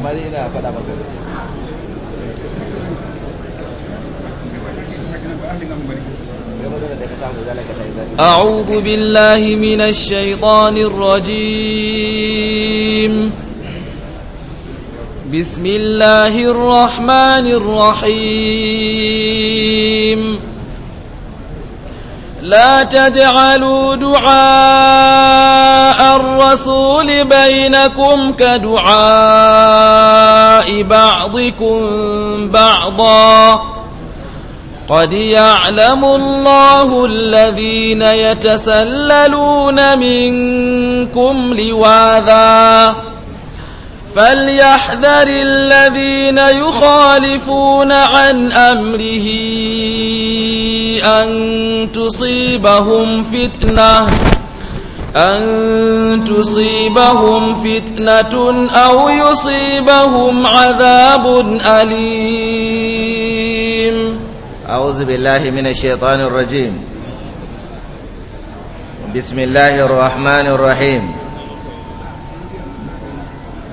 ina faɗa maka أعوذ بالله من الشيطان الرجيم بسم الله الرحمن الرحيم لا تجعلوا دعاء الرسول بينكم كدعاء بعضكم بعضا قد يعلم الله الذين يتسللون منكم لواذا فليحذر الذين يخالفون عن أمره أن تصيبهم فتنة أن تصيبهم فتنة أو يصيبهم عذاب أليم أعوذ بالله من الشيطان الرجيم بسم الله الرحمن الرحيم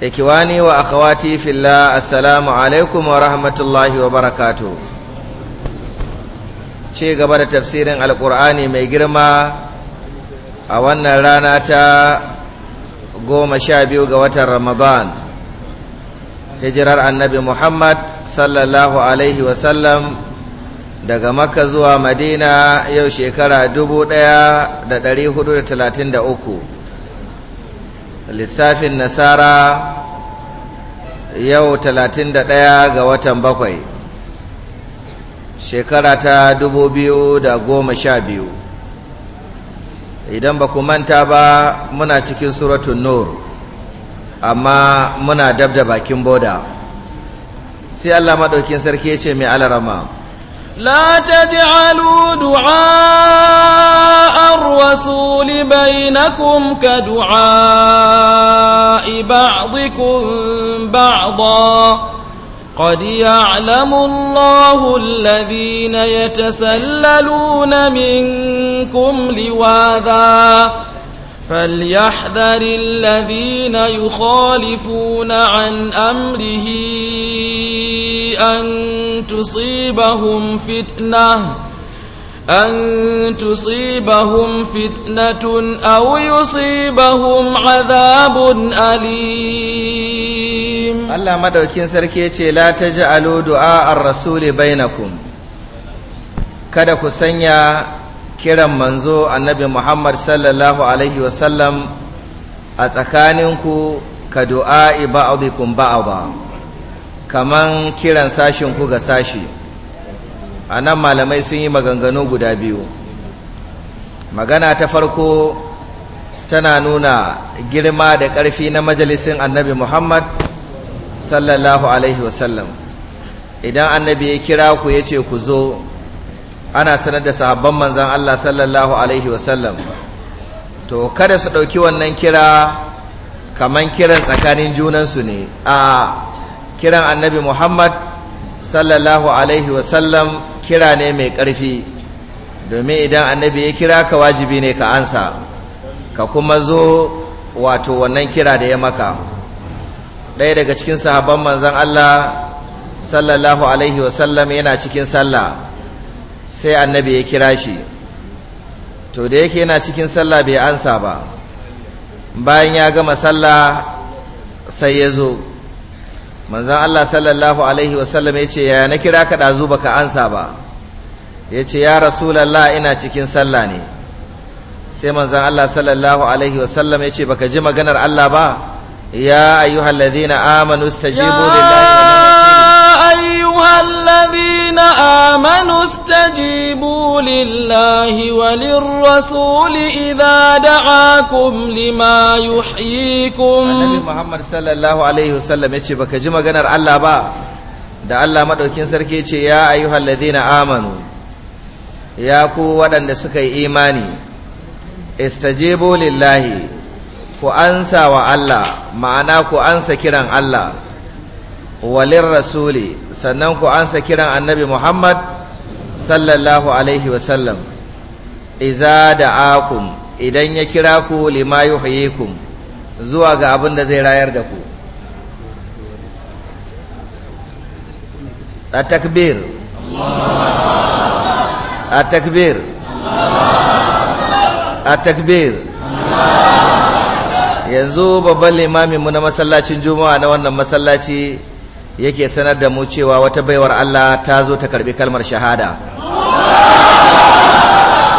ikiwani wa akhawati fillah assalamu alaikum wa rahmatullahi wa barakatuh ce gaba da tafsirin alkur'ani mai girma a wannan rana ta goma sha biyu ga watan ramadan hijirar annabi muhammad sallallahu alaihi wasallam daga makka zuwa madina yau shekara dubu ɗaya da hudu da talatin da uku. lissafin nasara yau 31 ga watan bakwai shekara ta 2012 idan ba ku manta ba muna cikin suratun nur amma muna dab da bakin boda sai Allah maɗaukin sarki ya ce mai alarama لا تجعلوا دعاء الرسول بينكم كدعاء بعضكم بعضا قد يعلم الله الذين يتسللون منكم لواذا فليحذر الذين يخالفون عن أمره أن تصيبهم فتنة أن تصيبهم فتنة أو يصيبهم عذاب أليم الله مدوكين سركي لا تجعلوا دعاء الرسول بينكم kada ku sanya kiran manzo annabi Muhammad sallallahu alaihi wasallam a tsakaninku ka du'a'i ba'a ba, kaman kiran sashinku ku ga sashi A nan malamai sun yi maganganu guda biyu magana ta farko tana nuna girma da ƙarfi na majalisin annabi Muhammad sallallahu alaihi wasallam idan annabi ya kira ku ya ce ku zo ana sanar da sahabban manzan Allah sallallahu alaihi wasallam to kada su ɗauki wannan kira kamar kiran tsakanin junansu ne a kiran annabi Muhammad sallallahu alaihi wasallam kira ne mai ƙarfi domin idan annabi ya kira ka wajibi ne ka ansa ka kuma zo wato wannan kira da ya maka ɗaya daga cikin sahabban manzan Allah sallallahu alaihi wasallam yana cikin sallah sai annabi ya kira shi to da yake yana cikin sallah bai ansa ba bayan ya gama sallah sai ya zo manzan Allah sallallahu alaihi wasallam ya ce yaya na kira ka ɗazu ba ka ansa ba ya ce ya rasulallah ina cikin sallah ne sai manzan Allah sallallahu alaihi wasallam ya ce ba ka ji maganar Allah ba ya ayyuhallazina amanu stajibu lillahi الذين آمنوا استجيبوا لله وللرسول إذا دعاكم لما يحييكم النبي محمد صلى الله عليه وسلم يتشي بك جمع جنر الله با da Allah maɗaukin sarki ce ya ayyuhal ladina amanu ya ku waɗanda suka yi imani istajibu lillahi ku ansa wa Allah ma'ana ku ansa kiran Allah walin rasuli sannan ku ansa kiran annabi muhammad sallallahu alaihi wasallam iza da akum idan ya kira ku lima yuhyikum zuwa ga abin da zai rayar da ku a takbir a takbir a takbir yanzu babban limamin mu na masallacin juma'a na wannan masallaci yake sanar da mu cewa wata baiwar Allah ta zo ta karbi kalmar shahada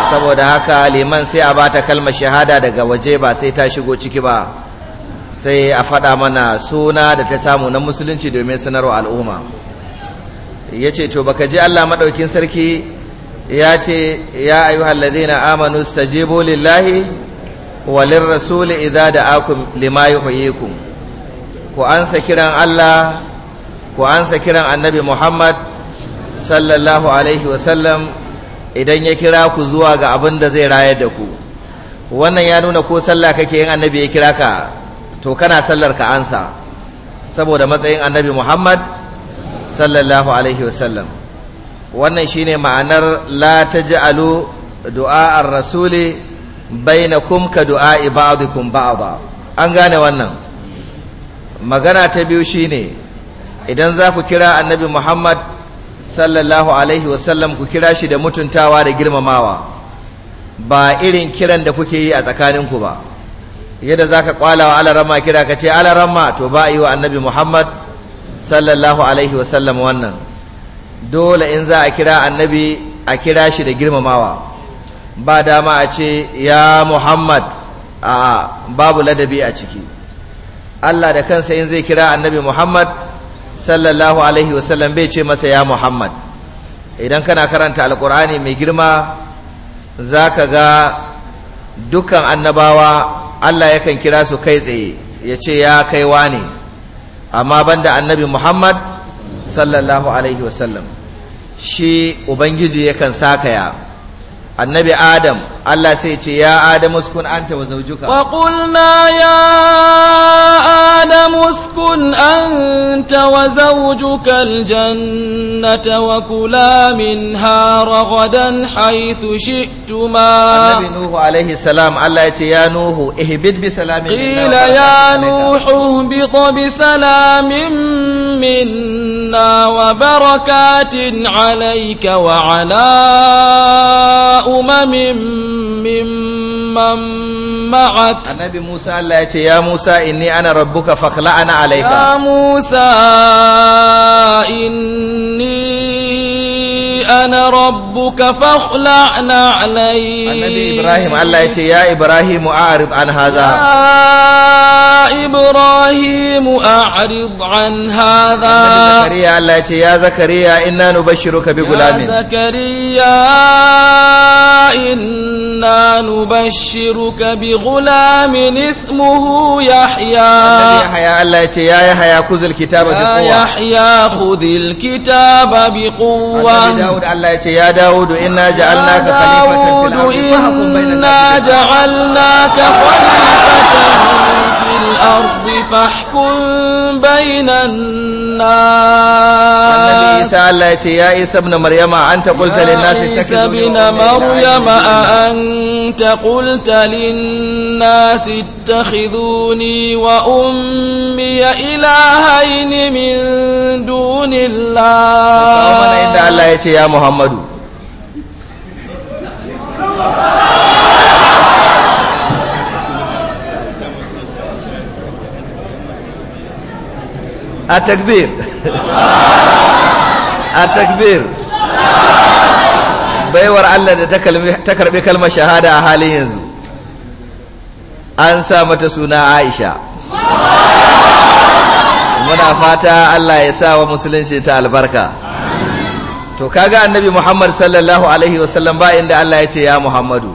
saboda haka liman sai a bata kalmar shahada daga waje ba sai ta shigo ciki ba sai a faɗa mana suna da ta samu na musulunci domin sanarwa al'umma ya ce to baka ji Allah maɗaukin sarki ya ce ya ayyuhal na amanu stajibu lillahi walin rasuli idza da'akum lima yuhyikum ku ansa kiran Allah ku ansa kiran annabi Muhammad sallallahu alaihi wasallam idan ya kira ku zuwa ga abin da zai rayar da ku wannan ya nuna ko sallah kake yin annabi ya kira ka to kana sallar ka ansa saboda matsayin annabi Muhammad sallallahu alaihi wasallam wannan shine ma'anar la taj'alu du'a ar-rasuli bainakum ka du'a ibadikum ba'da an gane wannan magana ta biyu shine idan za ku kira annabi muhammad sallallahu alaihi wasallam ku kira shi da mutuntawa da girmamawa ba irin kiran da kuke yi a tsakaninku ba yadda za ka kwala wa alarama kira ka ce alarama to ba a yi wa annabi muhammad sallallahu alaihi wasallam wannan dole in za a kira annabi a kira shi da girmamawa ba dama a ce ya muhammad a babu ladabi a ciki allah da kansa in zai kira annabi muhammad sallallahu alaihi wasallam bai ce masa ya muhammad idan kana karanta alkur'ani mai girma za ka ga dukkan annabawa allah yakan kira su kai tsaye ya ce ya kaiwa ne amma banda annabi muhammad sallallahu alaihi wasallam shi ubangiji yakan sakaya annabi adam Allah sai ce ya Adamu uskun anta wa zawjuka wa qulna ya Adamu uskun anta wa zawjuka aljannata wa kula minha ragadan haythu shi'tuma Annabi Nuhu alaihi salam Allah ya ce ya Nuhu ihbid bi salamin qila ya Nuhu ihbid bi salamin minna wa barakatin alayka wa ala umamin. mimman ma'ak annabi Musa Allah ya ce ya Musa inni ana rabbuka fakhla'ana alayka ya Musa inni أنا ربك فاخلع نعلي النبي إبراهيم الله يتي يا إبراهيم أعرض عن هذا يا إبراهيم أعرض عن هذا النبي زكريا الله يتي يا زكريا إنا نبشرك بغلام يا زكريا إنا نبشرك بغلام اسمه يحيى يحيى الله يتي يا يحيى خذ الكتاب بقوة يا يحيى خذ الكتاب بقوة Dawud Allah ya ce ya Dawud inna ja'alnaka khalifatan fil ardi fahkum bainan inna فاحكم بين الناس annabi isa Allah ya ce ya maryama anta qulta lin nas ittakhidhu ibn maryama wa ummi ilahayn Allah ya ce ya muhammadu a takbir a takbir baiwar Allah da ta karbi kalmar shahada a halin yanzu an sa mata suna Aisha muna fata Allah ya sa wa musulunci ta albarka to kaga annabi Muhammad sallallahu alaihi wasallam ba inda Allah ya ce ya Muhammadu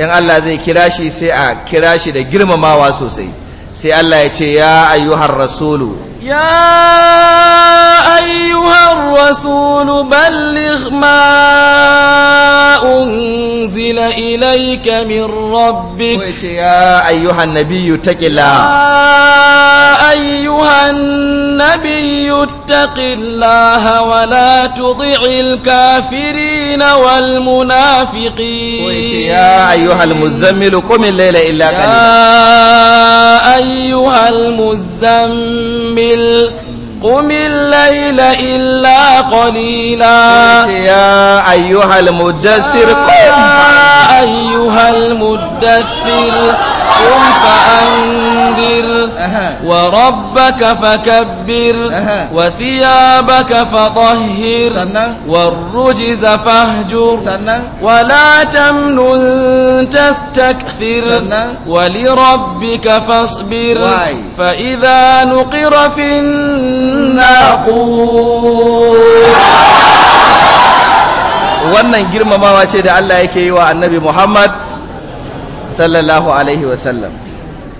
in Allah zai kira shi sai a kira shi da girmamawa sosai sai Allah ya ce ya ayyuhar rasulu ya أيها الرسول بلغ ما أنزل إليك من ربك يا أيها النبي اتق الله يا أيها النبي اتق الله ولا تطع الكافرين والمنافقين يا أيها المزمل قم الليل إلا قليلا يا أيها المزمل قم الليل إلا قليلا يا أيها المدثر قم يا أيها المدثر فاحكم فأنذر وربك فكبر وثيابك فطهر والرجز فاهجر ولا تمنن تستكثر ولربك فاصبر فإذا نقر في الناقور wannan girmamawa ce da Allah yake yi wa annabi Muhammad sallallahu alaihi wasallam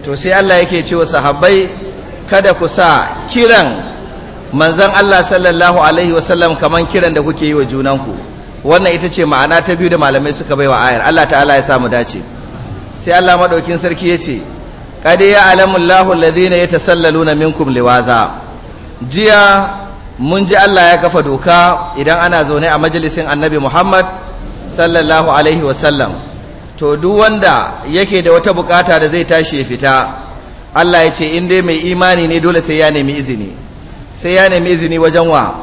to sai Allah yake ce wa sahabbai kada ku sa kiran manzon Allah sallallahu alaihi wasallam kaman kiran da kuke yi wa junanku wannan ita ce ma'ana ta biyu da malamai suka bai wa ayar Allah ta'ala ya mu dace sai Allah madaukin sarki ya ce qad ya'lamu Allahu alladhina yatasallaluna minkum liwaza jiya mun ji Allah ya kafa doka idan ana zaune a majalisin Annabi Muhammad sallallahu alaihi wasallam to duk wanda yake da wata bukata da zai tashi ya fita Allah ya ce in dai mai imani ne dole sai ya nemi izini sai ya nemi izini wajen wa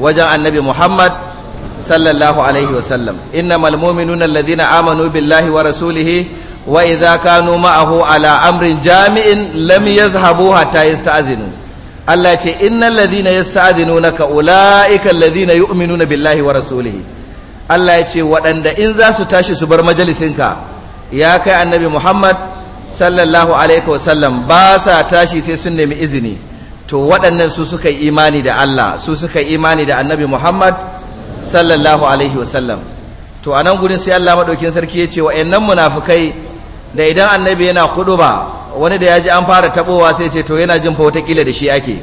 wajen annabi Muhammad sallallahu alaihi wasallam innamal mu'minuna alladhina amanu billahi wa rasulihi wa idza kanu ma'ahu ala amrin jami'in lam yazhabu hatta yasta'zinu Allah ya ce innal ladhina yasta'zinunaka ulaika alladhina yu'minuna billahi wa rasulihi Allah ya ce waɗanda in za su tashi su bar majalisinka ya kai annabi Muhammad sallallahu alaihi wasallam ba sa tashi sai sun nemi izini to waɗannan su suka yi imani da Allah su suka yi imani da annabi Muhammad sallallahu alaihi wasallam to a nan gudun sai Allah maɗaukin sarki ya ce wa'annan munafukai da idan annabi yana ba wani da ya ji an fara taɓowa sai ce to yana jin fa wataƙila da shi ake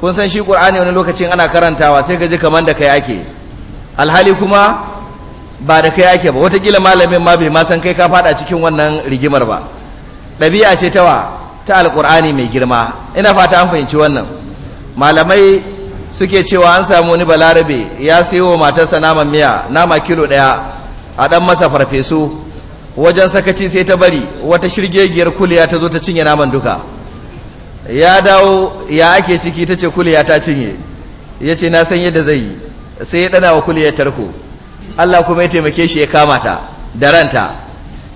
kun san shi ƙur'ani wani lokacin ana karantawa sai ka ji kamar da kai ake alhali kuma ba da kai ake ba watakila malamin ma bai ma san kai ka fada cikin wannan rigimar ba ɗabi'a ce tawa ta alƙur'ani mai girma ina fata an fahimci wannan malamai suke cewa an samu wani balarabe ya sayo matarsa naman miya nama kilo ɗaya a ɗan masa farfesu wajen sakaci sai ta bari wata shirgegiyar kuliya ta zo ta cinye naman duka ya dawo ya ake ciki ta ce kuliya ta cinye ya ce na san yadda zai yi sai ya dana wa kuliyar tarko Allah kuma ya taimake shi ya kama ta da ranta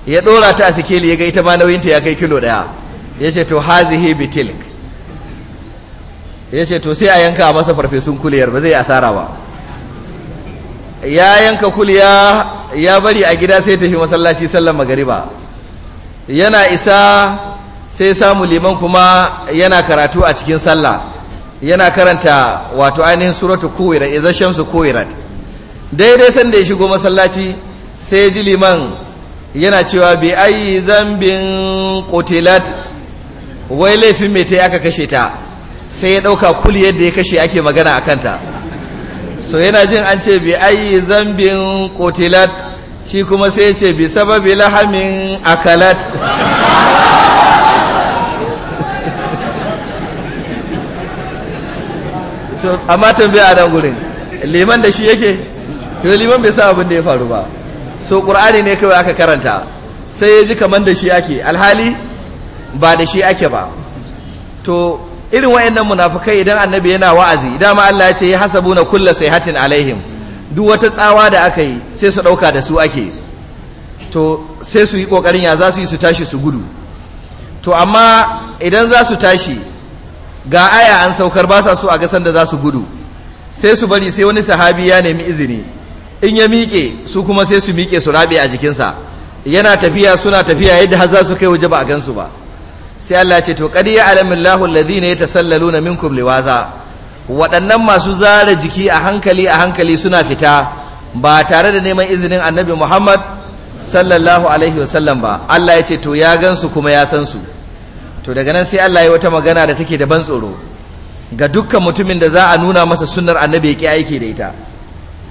ya dora ta a sikeli ya ga ita ma nauyinta ya kai kilo ɗaya ya ce to hazihi bitilk ya ce to sai a yanka masa farfesun kuliyar ba zai asara ba ya yanka kuliya ya bari a gida sai tafi masallaci sallan magariba yana isa sai samu liman kuma yana karatu a cikin sallah yana karanta wato ainihin suratu kuwirat idza shamsu kuwirat daidai sanda ya shigo masallaci sai ji liman yana cewa bi ayi zambin qutilat wai laifin mai ta aka kashe ta sai ya dauka kul yadda ya kashe ake magana akan ta so yana jin an ce bi ayi zambin kotilat shi kuma sai ya ce bi sababi lahamin akalat to amma tambaya a nan gurin liman da shi yake to liman bai sa abin da ya faru ba so qur'ani ne kawai aka karanta sai ya ji kaman da shi ake alhali ba da shi ake ba to irin wayannan munafukai idan annabi yana wa'azi dama Allah ya ce ya hasabuna kullu sayhatin alaihim duk wata tsawa da aka yi sai su dauka da su ake to sai su yi kokarin ya za su yi su tashi su gudu to amma idan za su tashi ga aya an saukar ba sa so a gasan da za su gudu sai su bari sai wani sahabi ya nemi izini in ya miƙe su kuma sai su miƙe su rabe a jikinsa yana tafiya suna tafiya yadda har za su kai waje ba a gansu ba sai Allah ce to qad ya'lamu Allahu alladhina yatasallaluna minkum liwaza waɗannan masu zara jiki a hankali a hankali suna fita ba tare da neman izinin Annabi Muhammad sallallahu alaihi wasallam ba Allah ya ce to ya gansu kuma ya san su to daga nan sai Allah ya wata magana da take da ban tsoro ga dukkan mutumin da za a nuna masa sunnar annabi ya ki aiki da ita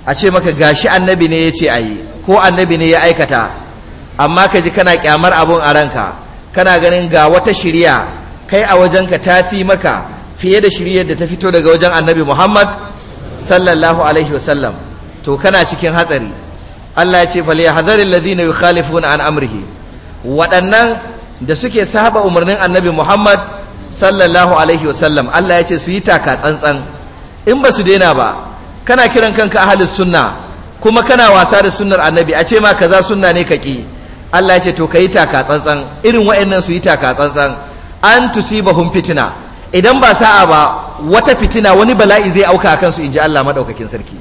a ce maka gashi annabi ne ya ce a yi ko annabi ne ya aikata amma ka ji kana kyamar abun a ranka kana ganin ga wata shirya kai a wajenka ta fi maka fiye da shiryar da ta fito daga wajen annabi muhammad sallallahu alaihi wasallam to kana cikin hatsari allah ya ce fal ya hadarin lazina yukhalifuna an amrihi waɗannan da suke saba umarnin annabi Muhammad sallallahu alaihi wasallam Allah ya ce su yi taka tsantsan in ba su daina ba kana kiran kanka ahli sunna kuma kana wasa da sunnar annabi a ce ma kaza sunna ne ka ki Allah ya ce to kai taka tsantsan irin wa'annan su yi taka tsantsan an tusibahum fitina idan ba sa'a ba wata fitina wani bala'i zai auka akan su inji Allah madaukakin sarki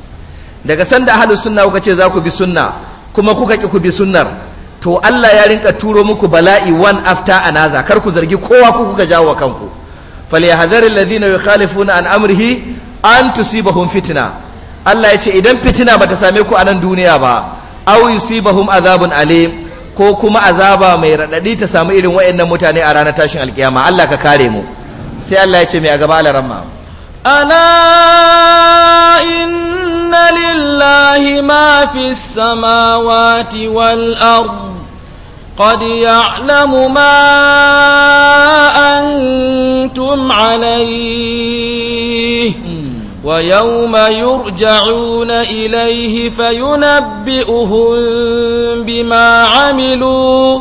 daga sanda ahli sunna kuka ce za ku bi sunna kuma kuka ki ku bi sunnar to Allah ya rinka turo muku bala'i one after another kar ku zargi kowa ku kuka jawo wa kanku falyahdhar alladhina yukhalifuna an amrihi an tusibahum fitna Allah ya ce idan fitina bata same ku a nan duniya ba aw yusibahum azabun alim ko kuma azaba mai radadi ta samu irin wayannan mutane a ranar tashin alkiyama Allah ka kare mu sai Allah ya ce mai a gaba alaramma ألا إن لله ما في السماوات قد يعلم ما أنتم عليه ويوم يرجعون إليه فينبئهم بما عملوا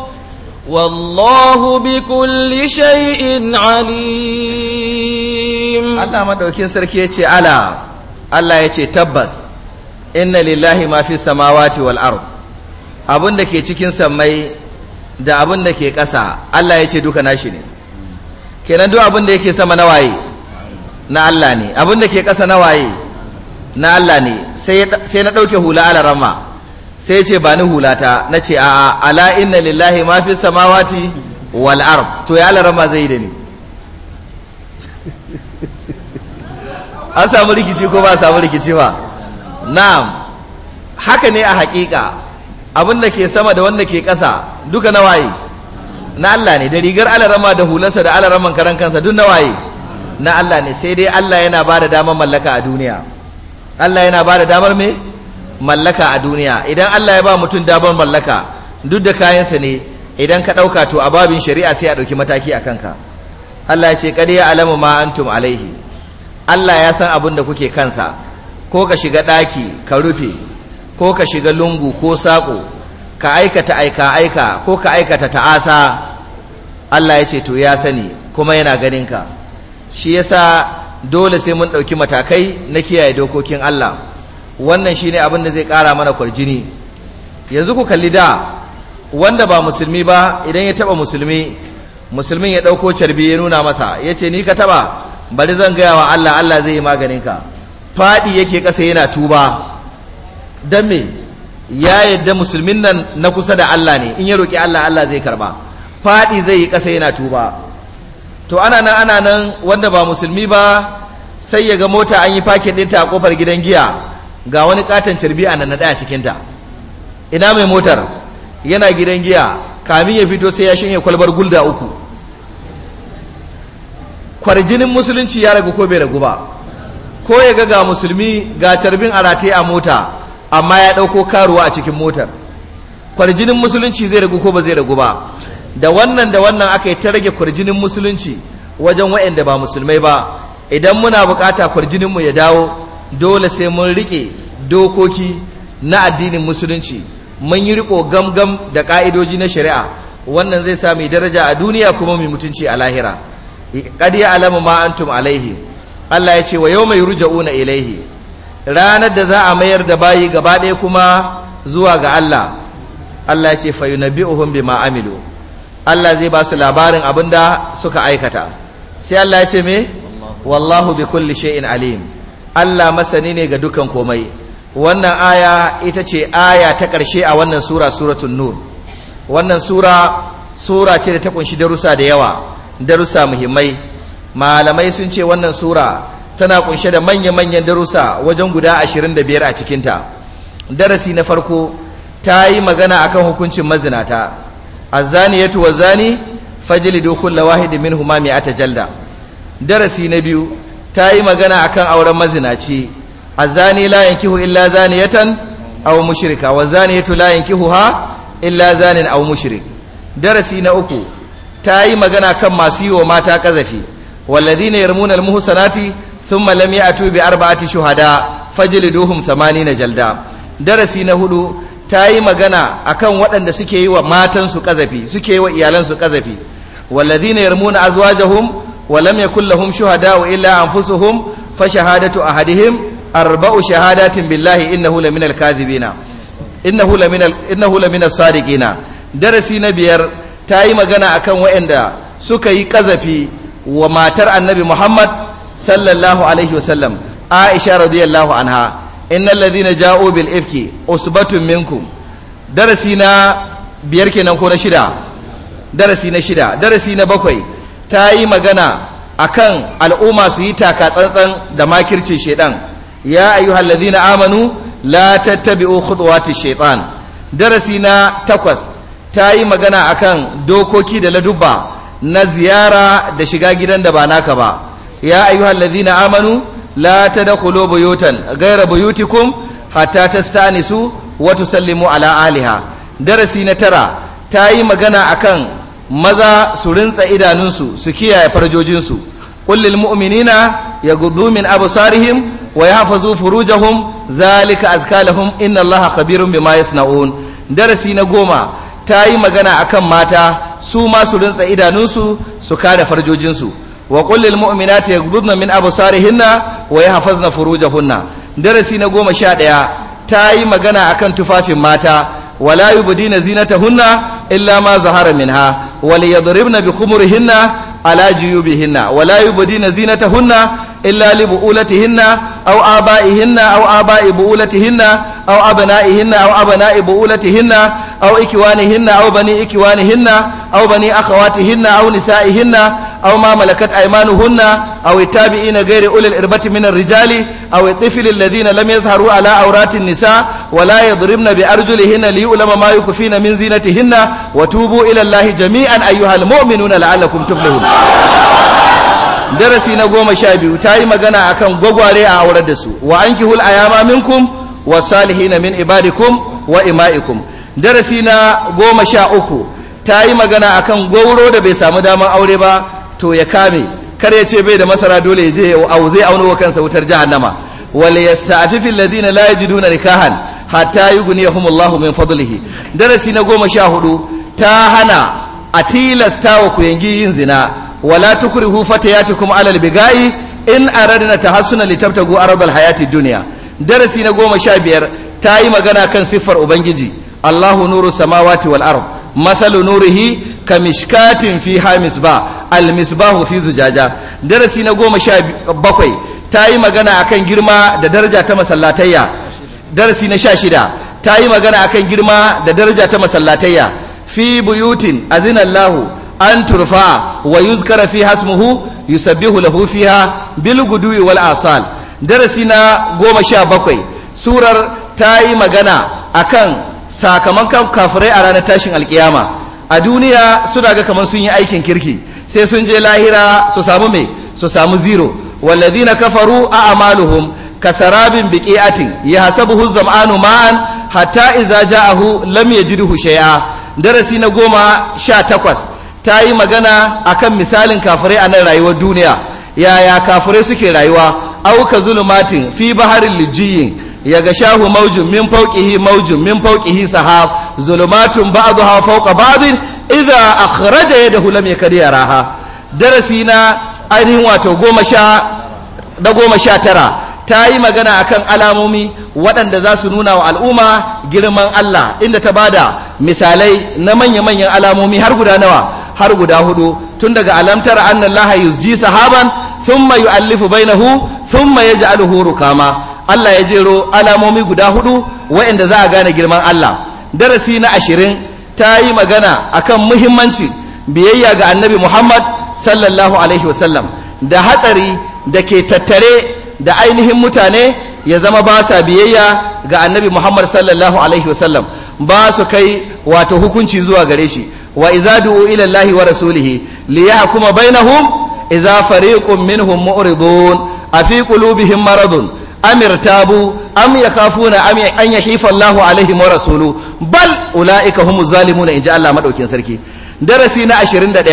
والله بكل شيء عليم الله ما دوكين سركي يتي على الله يتي تبس إن لله ما في السماوات والأرض abin da ke cikin sammai da abin da ke ƙasa Allah ya ce duka nashi ne kenan duk abin da yake sama na waye na Allah ne abin da ke ƙasa na waye na Allah ne sai na ɗauke hula ala rama sai ce ba ni hulata na ce a'a ala inna lillahi ma fi samawati wal ard to ya ala rama zai da ni an samu rikici ko ba samu rikici ba na'am haka ne a haƙiƙa abin da ke sama da wanda ke ƙasa duka na waye na Allah ne da rigar alarama da hularsa da alaraman karan kansa duk na waye na Allah ne sai dai Allah yana ba da damar mallaka a duniya Allah yana ba da damar me mallaka a duniya idan Allah ya ba mutum damar mallaka duk da kayansa ne idan ka ɗauka to a babin shari'a sai a ɗauki mataki a kanka Allah ya ce kadai ya alamu ma antum alaihi Allah ya san abin da kuke kansa ko ka shiga ɗaki ka rufe ko ka shiga lungu ko saƙo ka aikata aika aika ko ka aikata ta'asa Allah ya ce to ya sani kuma yana ganin ka shi yasa dole sai mun ɗauki matakai na kiyaye dokokin Allah wannan shine abin da zai ƙara mana kwarjini yanzu ku kalli da wanda ba musulmi ba idan ya taba musulmi musulmin ya ɗauko carbi ya nuna masa ya ce ni ka taɓa, bari zan gaya wa Allah Allah zai yi maganin ka faɗi yake ƙasa yana tuba don me ya yadda musulmin nan na kusa da Allah ne in ya roƙi Allah Allah zai karba faɗi zai yi ƙasa yana tuba to ana nan ana nan wanda ba musulmi ba sai ya ga mota an yi fakin ɗinta a ƙofar gidan giya ga wani katon cirbi a nan ɗaya ta ina mai motar yana gidan giya kamin ya fito sai ya shanye kwalbar gulda uku kwarjinin musulunci ya ragu ko bai ragu ba ko ya ga ga musulmi ga carbin a rataye a mota amma ya ɗauko karuwa a cikin motar kwarjinin musulunci zai ragu ko ba zai ragu ba da wannan da wannan aka yi ta rage kwarjinin musulunci wajen waɗanda ba musulmai ba idan muna bukata kwarjininmu ya dawo dole sai mun riƙe dokoki na addinin musulunci mun yi riƙo gamgam da ƙa'idoji na shari'a wannan zai sa mai daraja a duniya kuma mai mutunci a lahira karya alama ma antum alaihi Allah ya ce wa yau yawma na ilaihi ranar da za a mayar da bayi gaba ɗaya kuma zuwa ga Allah Allah ce fa yunabbi'uhum bima amilu Allah zai ba su labarin abin da suka aikata sai Allah ya ce me wallahu bi kulli shay'in alim Allah masani ne ga dukan komai wannan aya ita ce aya ta ƙarshe a wannan sura suratul nur wannan sura sura ce da ta kunshi darusa da yawa darusa muhimmai malamai sun ce wannan sura tana kunshe da manya-manyan darussa wajen guda 25 a cikinta darasi na farko ta yi magana akan hukuncin mazinata azaniyatu dokun lawahi da min humami a jalda darasi na biyu ta yi magana akan auren mazinaci azani layin kihu illa zani ya tan zani ya tuwa layin kihu ha illa zanin aw mushrik darasi na uku ta yi magana kan masu yi wa mata kazafi walladhina yarmuna sanati. thumma lam a tubi arba'ati shuhada fajliduhum na jalda darasi na hudu ta yi magana akan waɗanda suke yi wa matansu kazafi suke yi wa iyalansu kazafi wallazina yarmuna azwajahum wa lam yakul lahum shuhada wa illa anfusuhum fa shahadatu ahadihim arba'u shahadatin billahi innahu laminal kadhibina innahu laminal innahu darasi na biyar ta yi magana akan waɗanda suka yi kazafi wa matar annabi Muhammad sallallahu alaihi wasallam aisha radiyallahu anha innal ladina ja'u bil ifki usbatun minkum darasi na biyar kenan ko na shida darasi na shida darasi na bakwai ta yi magana akan al'umma su yi taka tsantsan da makircin shaidan ya ayyuhal ladhina amanu la tattabi'u khutuwati shaitan darasi na takwas ta yi magana akan dokoki da ladubba na ziyara da shiga gidan da ba naka ba ya ayyuhal ladhina amanu la tadkhulu buyutan ghayra buyutikum hatta tastanisu wa tusallimu ala aliha darasi na tara ta yi magana akan maza su rinsa idanunsu su kiyaye farjojinsu kullil mu'minina yaghuddu min absarihim wa yahfazu furujahum zalika azkalahum inna allaha khabirun bima yasnaun darasi na goma ta yi magana akan mata su ma su rintsa idanunsu su kare farjojinsu wa kullil mu'minati yaghdudna min absarihinna wa yahfazna furujahunna darasi na goma sha ɗaya ta yi magana akan tufafin mata wala yubdina zinatahunna illa ma zahara minha wal yadribna bi khumurihinna ala juyubihinna wala yubdina zinatahunna illa li bu'ulatihinna aw aba'ihinna aw aba'i bu'ulatihinna aw abna'ihinna aw abna'i bu'ulatihinna aw ikwanihinna aw bani ikwanihinna aw bani akhawatihinna aw nisa'ihinna aw ma malakat aymanuhunna aw ittabi'ina ghayri ulil irbati min ar-rijali aw at-tifl alladhina lam yazharu ala awratin nisa wala yadribna bi arjulihinna liyulama ma yukfina min zinatihinna wa tubu ila allahi jami'an ayyuhal mu'minuna la'allakum tuflihun darasi na goma sha biyu ta yi magana akan gwagware a aurar da su wa an kihul yama minkum wa salihi na min ibadikum wa ima'ikum darasi na goma sha uku ta yi magana a kan gwauro da bai samu damar aure ba to ya kame kar ya ce bai da masara dole ya je au zai auno wa kansa wutar jahannama wal yasta'fifu ladina la yajiduna nikahan hatta yughniyahum Allahu min fadlihi darasi na goma sha hudu ta hana a tilasta wa ku yangi yin zina wala tukrihu kuma alal bigayi in aradna tahassuna litabtagu aradal hayati duniya darasi na goma sha biyar ta yi magana kan siffar ubangiji allahu nuru samawati wal ard mathalu nurihi ka mishkatin fi ha al fi zujaja darasi na goma sha bakwai ta yi magana akan girma da daraja ta masallatayya darasi na sha shida ta yi magana akan girma da daraja ta masallatayya fi buyutin azina an turfa wa yuzkara fi hasmuhu yusabbihu lahu fiha bil guduwi wal asal darasi na goma sha bakwai surar ta yi magana kan sakamakon kafirai a ranar tashin alkiyama a duniya suna ga kamar sun yi aikin kirki sai sun je lahira su samu mai su samu zero na kafaru a amaluhum kasarabin hasabu yahsabuhu anu ma'an hatta iza ja'ahu lam yajidhu shay'a darasi na goma sha takwas ta yi magana a kan misalin kafirai a nan rayuwar duniya yaya kafirai suke rayuwa auka zulumatin fi baharin lijiyin ya ga shahu maujin min fauƙihi maujin min fauƙihi sahab zulumatun ba'dha fawqa ba'din idza akhraja yadahu lam yakad darasi na ainihin wato goma sha da goma sha tara ta yi magana a kan alamomi waɗanda za su nuna wa al'umma girman Allah inda ta bada misalai na manya-manyan alamomi har guda nawa har guda hudu tun daga alamtar annan laha yusji sahaban hu sun maye ji alhuru kama Allah ya jero alamomi guda hudu waɗanda za a gane girman Allah darasi na ashirin ta yi magana a kan muhimmanci biyayya ga annabi Muhammad sallallahu alaihi wasallam da hatsari da ke tattare da ainihin mutane ya zama ba sa biyayya ga annabi muhammad sallallahu alaihi wasallam ba su kai wato hukunci zuwa gare shi wa iza du'u ila allahi wa rasulihi li yahkuma bainahum iza fariqun minhum mu'ridun afi qulubihim maradun am irtabu am yakhafuna am an yahifa allahu alaihi wa rasulu bal ulaika humuz zalimuna inji Allah madaukin sarki darasi na 21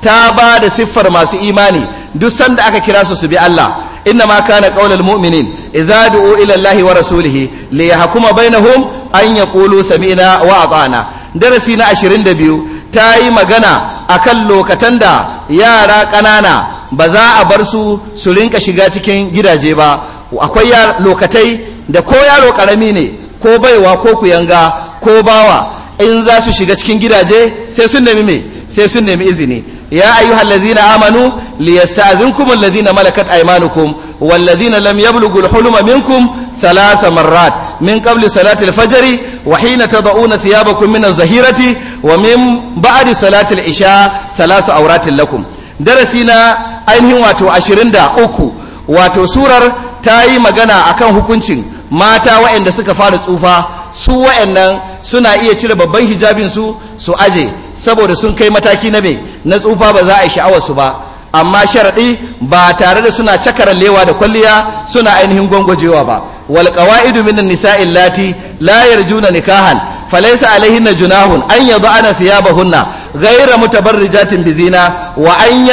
ta ba da siffar masu imani duk sanda aka kira su su bi Allah إنما كان قول المؤمنين إذا دعوا إلى الله ورسوله ليحكم بينهم أن يقولوا سمعنا وأطعنا درسنا عشرين دبيو تاي مغانا أكلو كتندا يارا كنانا بزا أبرسو سلينك شغاتكين جراجي با akwai lokatai da ko yaro karami ne ko baiwa ko kuyanga ko bawa in za su shiga cikin gidaje sai sun nemi me sai sun nemi izini ya ayyuhal ladzina amanu liyasta'zinkum alladhina malakat aymanukum wal ladzina lam yablughu al-huluma minkum salasa marrat min qabli salati al-fajr wa hina tad'una thiyabakum min az-zahirati wa min ba'di salati isha salasa awratin lakum darasi na ainihin wato ashirin da uku wato surar ta yi magana a kan hukuncin mata waɗanda suka fara tsufa su waɗannan suna iya cire babban hijabinsu su aje saboda sun kai mataki na mai na tsufa ba za a yi sha'awarsu ba amma sharaɗi ba tare da suna cakaran lewa da kwalliya suna ainihin gwangwajewa ba wal qawaidu minan nisa illati la yarjuna nikahan alaihin na junahun an yad'ana thiyabahunna ghayra mutabarrijatin bizina wa an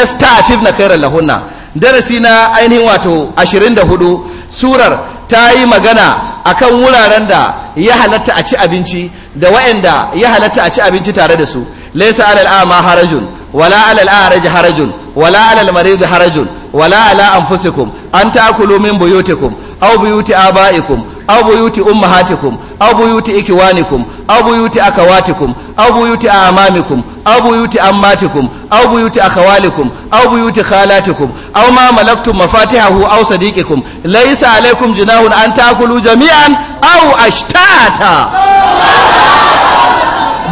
na khayran lahunna darasi na ainihin wato ashirin da hudu surar ta yi magana akan wuraren da ya halatta a ci abinci da waɗanda ya halatta a ci abinci tare da su laisa alal a'ma harajun wala alal araj harajun wala alal marid harajun wala ala anfusikum an ta'kulu min buyutikum au buyuti abaikum aw buyuti ummahatikum aw buyuti ikwanikum aw buyuti akawatikum aw buyuti amamikum aw buyuti ammatikum aw buyuti akhawalikum aw buyuti khalatikum aw ma malaktum mafatihahu aw sadiqikum laysa alaykum jinahun an ta'kulu jami'an aw ashtata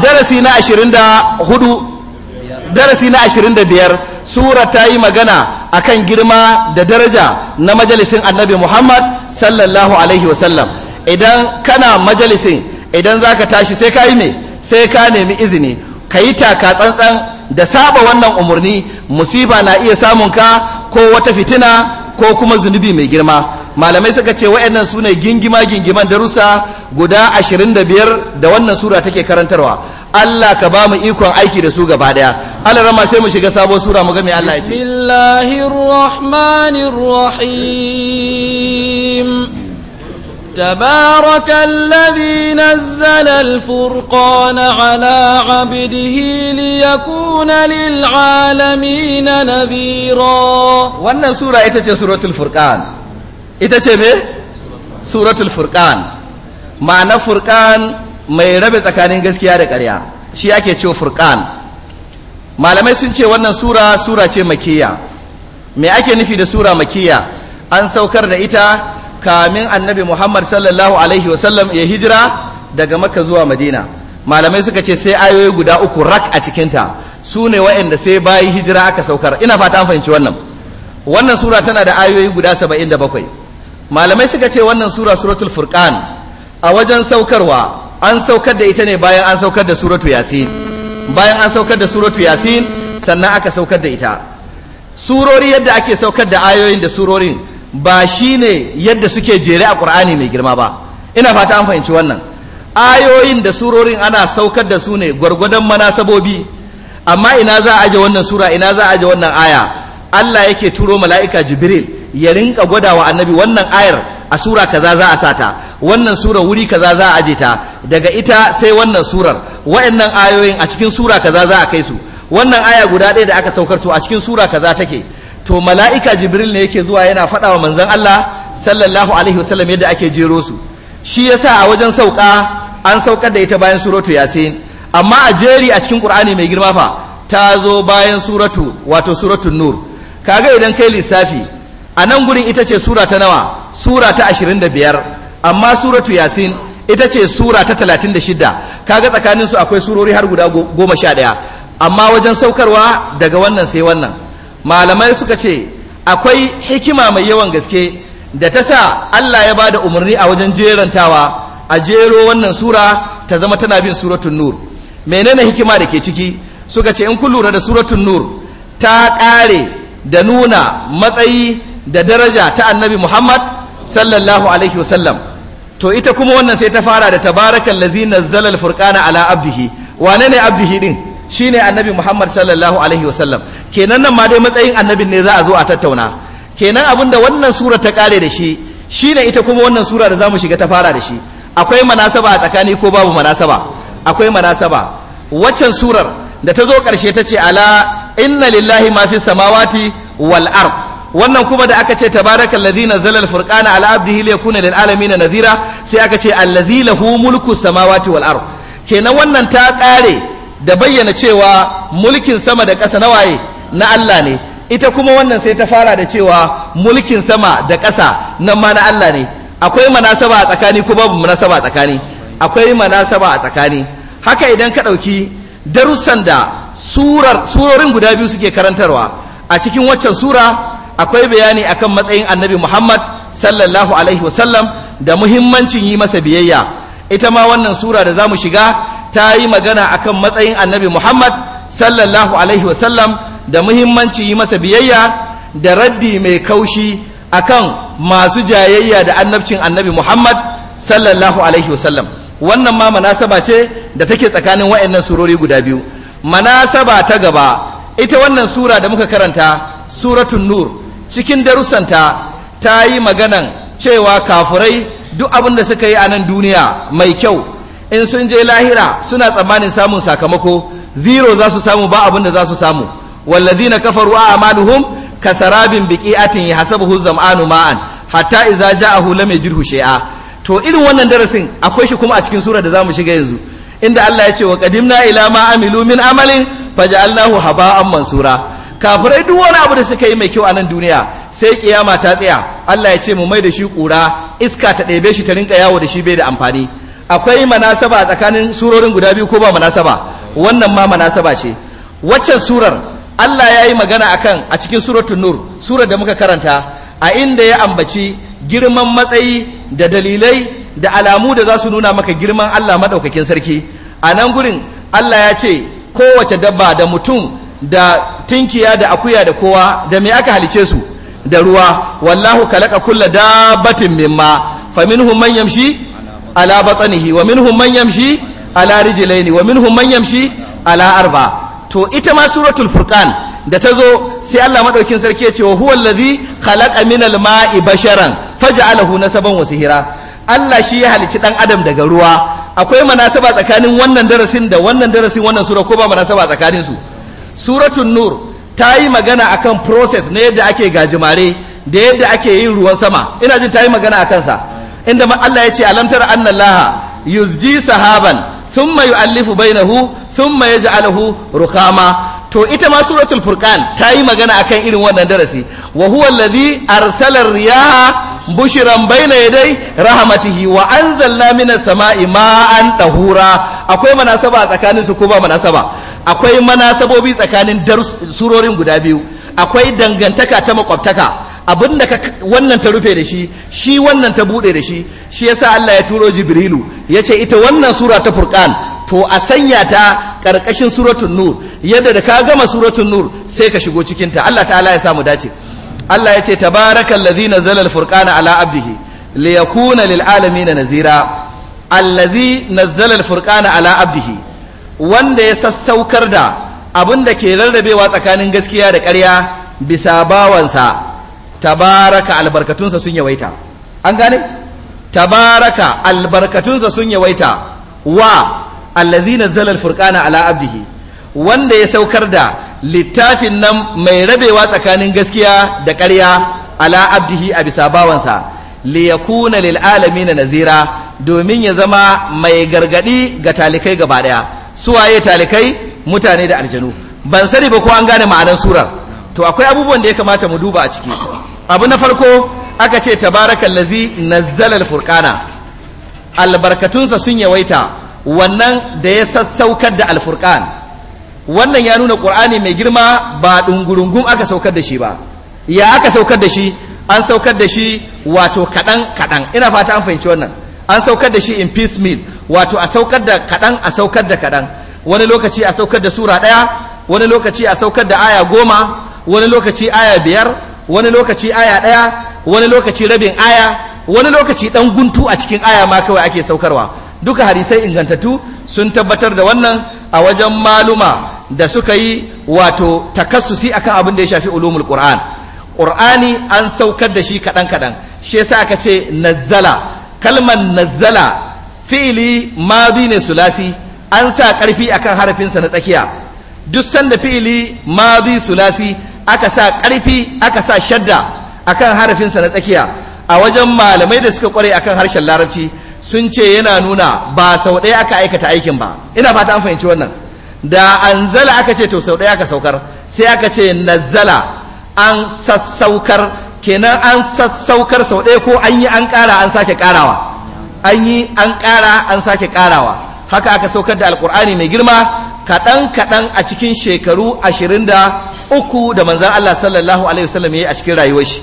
darasi na hudu. darasi na 25 sura ta yi magana kan girma da daraja na majalisin annabi muhammad sallallahu alaihi wasallam idan kana majalisin idan za ka tashi sai ka yi ne sai ka nemi izini ka yi taka tsantsan da saba wannan umarni musiba na iya samun ka ko wata fitina ko kuma zunubi mai girma malamai suka ce wa'annan su ne gingima gingiman darussa guda 25 da wannan sura take karantarwa Allah ka ba mu ikon aiki da su gaba daya Allah rama sai mu shiga sabon sura mu ga me Allah ya ce Bismillahir Rahmanir Rahim تبارك الذي نزل الفرقان على عبده ليكون للعالمين نذيرا wannan sura ita ce suratul furqan ita ce me suratul furqan ma'ana furqan mai rabe tsakanin gaskiya da ƙarya shi ake ce furqan malamai sun ce wannan sura sura ce makiyya me ake nufi da sura makiyya an saukar da ita kamin annabi muhammad sallallahu alaihi wasallam ya hijira daga makka zuwa madina malamai suka ce sai ayoyi guda uku rak a cikinta su ne wa'anda sai bayi hijira aka saukar ina fata an fahimci wannan wannan sura tana da ayoyi guda saba'in da bakwai malamai suka ce wannan sura suratul furkan a wajen saukarwa an saukar da ita ne bayan an saukar da suratu yasin bayan an saukar da suratu yasin sannan aka saukar da ita surori yadda ake saukar da ayoyin da surorin ba shi ne yadda suke jere a ƙur'ani mai girma ba ina fata an fahimci wannan ayoyin da surorin ana saukar da su ne gwargwadon manasabobi amma ina za a aje wannan sura ina za a aje wannan aya Allah yake turo mala'ika jibril ya rinka gwada wa annabi wannan ayar a sura kaza za a sata wannan sura wuri kaza za a aje ta daga ita sai wannan surar waɗannan ayoyin a cikin sura kaza za a kai su wannan aya guda ɗaya da aka saukar to a cikin sura kaza take to mala'ika jibril ne yake zuwa yana faɗa wa manzon Allah sallallahu alaihi wasallam yadda ake jero su shi yasa a wajen sauka an saukar da ita bayan suratu yasin amma a jeri a cikin qur'ani mai girma fa ta zo bayan suratu wato suratul nur kaga idan kai lissafi a nan gurin ita ce sura ta nawa sura ta 25 amma suratu yasin ita ce sura ta talatin da 36 kaga tsakanin su akwai surori har guda goma sha ɗaya amma wajen saukarwa daga wannan sai wannan malamai suka ce akwai hikima mai yawan gaske da ta sa Allah ya bada umarni a wajen jerantawa a jero wannan sura ta zama tana bin suratun nur menene hikima da ke ciki suka ce in kun lura da suratun nur ta kare da nuna matsayi da daraja ta annabi muhammad sallallahu alaihi wasallam to ita kuma wannan sai ta fara da tabarakan lazi zalal furkana ala abdihi wane ne abdihi din shine annabi muhammad sallallahu alaihi wasallam kenan nan ma dai matsayin annabin ne za a zo a tattauna kenan abin da wannan sura ta kare da shi shi ne ita kuma wannan sura da za zamu shiga ta fara da shi akwai manasaba a tsakani ko babu manasaba akwai manasaba waccan surar da ta zo karshe ta ce ala inna lillahi ma fi samawati wal ard wannan kuma da aka ce tabarakal ladhi zalal al-furqana ala abdihi liyakuna lil alamin nadhira sai aka ce allazi lahu mulku samawati wal ard kenan wannan ta kare da bayyana cewa mulkin sama da ƙasa na waye na Allah ne ita kuma wannan sai ta fara da cewa mulkin sama da ƙasa nan ma na Allah ne akwai manasaba a tsakani ko babu manasaba a tsakani akwai manasaba a tsakani haka idan ka ɗauki darussan da surar surorin guda biyu suke karantarwa a cikin waccan sura akwai bayani akan matsayin annabi Muhammad sallallahu alaihi wasallam da muhimmancin yi masa biyayya ita ma wannan sura da za mu shiga ta yi magana akan matsayin annabi Muhammad sallallahu alaihi wasallam da muhimmancin yi masa biyayya da raddi mai kaushi akan masu jayayya da annabcin annabi Muhammad sallallahu alaihi wasallam wannan ma manasaba ce da take tsakanin wa'annan surori guda biyu manasaba ta gaba ita wannan sura da muka karanta suratun nur cikin darussanta ta yi maganan cewa kafurai duk abin da suka yi a nan duniya mai kyau in sun je lahira suna tsammanin samun sakamako zero za su samu ba abin da za su samu na kafaru a amaluhum kasarabin hasabu yahsabuhu zam'anu ma'an hatta a hula mai jirhu shi'a to irin wannan darasin akwai shi kuma a cikin sura da za mu shiga yanzu inda Allah ya ce wa kadimna ila ma amilu min amalin haba haba'an mansura kafirai duk wani abu da suka yi mai kyau a nan duniya sai kiyama ta tsaya Allah ya ce mu mai da shi kura iska ta ɗebe shi ta rinka yawo da shi bai da amfani akwai manasaba tsakanin surorin guda biyu ko ba manasaba wannan ma manasaba ce waccan surar Allah ya yi magana akan a cikin suratul nur surar da muka karanta a inda ya ambaci girman matsayi da dalilai da alamu da za su nuna maka girman Allah madaukakin sarki a nan gurin Allah ya ce kowace dabba da mutum da tinkiya da akuya da kowa da me aka halice su da ruwa wallahu kalaka kulla dabbatin mimma fa minhum man yamshi ala batnihi wa minhum man yamshi ala rijlaini wa minhum man yamshi ala arba to ita ma suratul furqan da ta zo sai Allah madaukin sarki ya ce wa huwa allazi khalaqa minal ma'i basharan faj'alahu nasaban wa sihira Allah shi ya halici dan adam daga ruwa akwai manasaba tsakanin wannan darasin da wannan darasin wannan sura ko ba manasaba tsakanin su suratun nur ta yi magana akan process na yadda ake gajimare da yadda ake yin ruwan sama ina jin ta yi magana a kansa inda Allah ya ce alamtar annallaha yuzji sahaban thumma yu'allifu bainahu thumma yaj'aluhu rukama to ita ma suratul furqan ta yi magana akan irin wannan darasi wa huwa alladhi arsala riyaha bushiran baina yadai rahmatihi wa anzalna minas sama'i ma'an tahura akwai manasaba a tsakanin su ko ba manasaba akwai manasabobi tsakanin surorin guda biyu akwai dangantaka ta makwabtaka abinda ka wannan ta rufe da shi shi wannan ta bude da shi shi yasa Allah ya turo Jibrilu ya ce ita wannan sura ta Furqan to a sanya ta karkashin suratul nur yadda da ka gama suratul nur sai ka shigo cikin ta Allah ta'ala ya samu dace Allah ya ce tabarakallazi nazala al-furqana ala abdihi liyakuna lil alamin nazira allazi nazala al-furqana ala abdihi wanda ya sassaukar da abin da ke rarrabewa tsakanin gaskiya da ƙarya bisa bawansa tabaraka albarkatunsa sun yawaita an gane tabaraka albarkatunsa sun yawaita wa allazina zalal furqana ala abdihi wanda ya saukar da littafin nan mai rabewa tsakanin gaskiya da ƙarya ala abdihi a bisa bawansa liyakuna lil alamin nazira domin ya zama mai gargadi ga talikai gaba daya suwaye talikai mutane da aljanu ban sani ba ko an gane ma'anar surar to akwai abubuwan da ya kamata mu duba a ciki abu na farko aka ce tabarakal lazi nazzalal furkana albarkatunsa sun yawaita wannan da ya sassaukar da alfurkan wannan ya nuna qur'ani mai girma ba dungurungun aka saukar da shi ba ya aka saukar da shi an saukar da shi wato kadan kadan ina fata an fahimci wannan an saukar da shi in peace meal wato a saukar da kaɗan a saukar da kaɗan wani lokaci a saukar da sura ɗaya wani lokaci a saukar da aya goma wani lokaci aya biyar wani lokaci aya ɗaya wani lokaci rabin aya wani lokaci ɗan guntu a cikin aya ma kawai ake saukarwa duka hadisai ingantattu sun tabbatar da wannan a wajen maluma da suka yi wato takassusi akan abin da ya shafi ulumul qur'an qur'ani an saukar da shi kaɗan kaɗan shi yasa aka ce nazzala kalmar nazzala fili madi ne sulasi an sa karfi akan harafinsa na tsakiya duk sanda fili madi sulasi aka sa karfi aka sa shadda akan harafinsa na tsakiya a wajen malamai da suka kware akan harshen larabci sun ce yana nuna ba sau ɗaya aka aikata aikin ba ina fata an fahimci wannan da anzala aka ce to sau ɗaya aka saukar sai aka ce nazzala an sassaukar kenan an sassaukar sau ɗaya ko an yi an ƙara an sake ƙarawa an yi an ƙara an sake ƙarawa haka aka saukar da alƙur'ani mai girma kaɗan kaɗan a cikin shekaru ashirin da uku da manzan Allah sallallahu alaihi wasallam ya yi a cikin rayuwar shi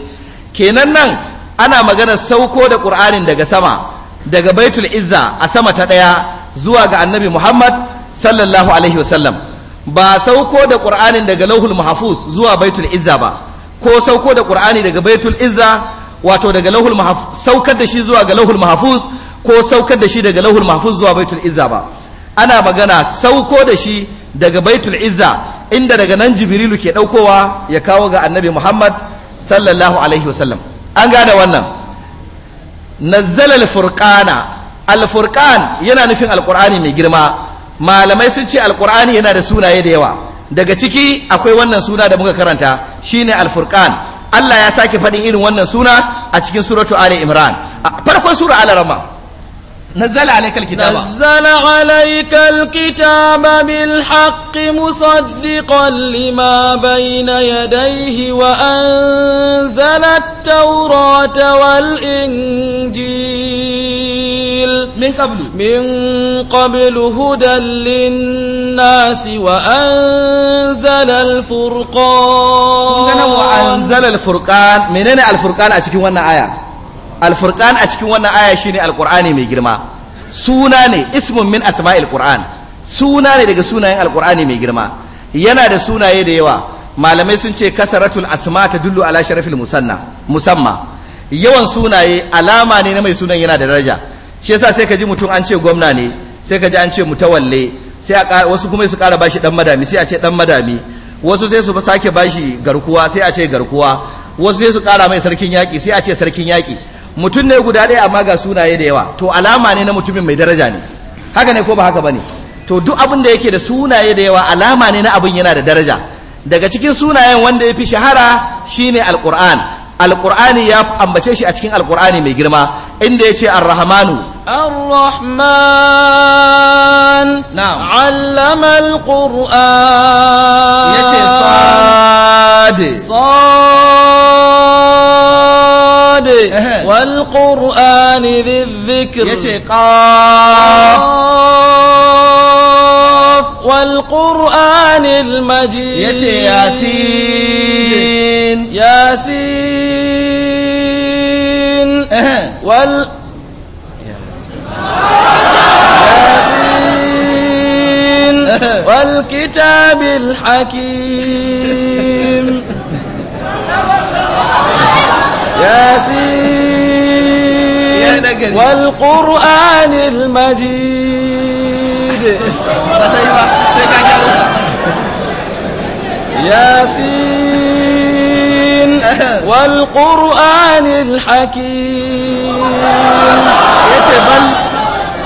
kenan nan ana magana sauko da ƙur'anin daga sama daga baitul izza a sama ta ɗaya zuwa ga annabi muhammad sallallahu alaihi wasallam ba sauko da ƙur'anin daga lauhul mahafuz zuwa baitul izza ba ko sauko da ƙur'ani daga baitul izza wato daga lahul mahfuz saukar da shi zuwa ga lahul mahfuz ko saukar da shi daga lahul mahfuz zuwa baitul izza ba ana magana sauko da shi daga baitul izza inda daga nan jibrilu ke daukowa ya kawo ga annabi muhammad sallallahu alaihi wasallam an gane wannan nazzala alfurqana alfurqan yana nufin alqur'ani mai girma malamai sun ce alqur'ani yana da sunaye da yawa daga ciki akwai wannan suna da muka karanta shi ne alfurkan Allah ya sake faɗin irin wannan suna a cikin suratu Ali Imran farkon sura Alarama. نزل عليك الكتاب نزل عليك الكتاب بالحق مصدقا لما بين يديه وأنزل التوراة والإنجيل من قبل من قبل هدى للناس وأنزل الفرقان وأنزل الفرقان منين الفرقان أشكي وانا آية alfurqan a cikin wannan aya shine alqur'ani mai girma suna ne ismun min asma'il qur'an suna ne daga sunayen alqur'ani mai girma yana da sunaye da yawa malamai sun ce kasaratul asma ta dullu ala sharafil musanna musamma yawan sunaye alama ne na mai sunan yana da daraja shi yasa sai ka ji mutum an ce gwamna ne sai ka ji an ce mutawalle sai wasu kuma su kara bashi dan madami sai a ce dan madami wasu sai su sake bashi garkuwa sai a ce garkuwa wasu sai su kara mai sarkin yaki sai a ce sarkin yaki. mutum ne guda ɗaya amma ga sunaye da yawa to alama ne na mutumin mai daraja ne haka ne ko ba haka bane to duk abin da yake da sunaye da yawa alama ne na abin yana da daraja daga cikin sunayen wanda ya fi shahara shine alquran alqur'ani ya ambace shi a cikin alqur'ani mai girma inda yace arrahmanu arrahman na'am allama صاد صاد والقرآن ذي الذكر يتقاف قاف والقرآن المجيد يتي ياسين ياسين وال والكتاب الحكيم ياسين والقرآن المجيد ياسين والقرآن الحكيم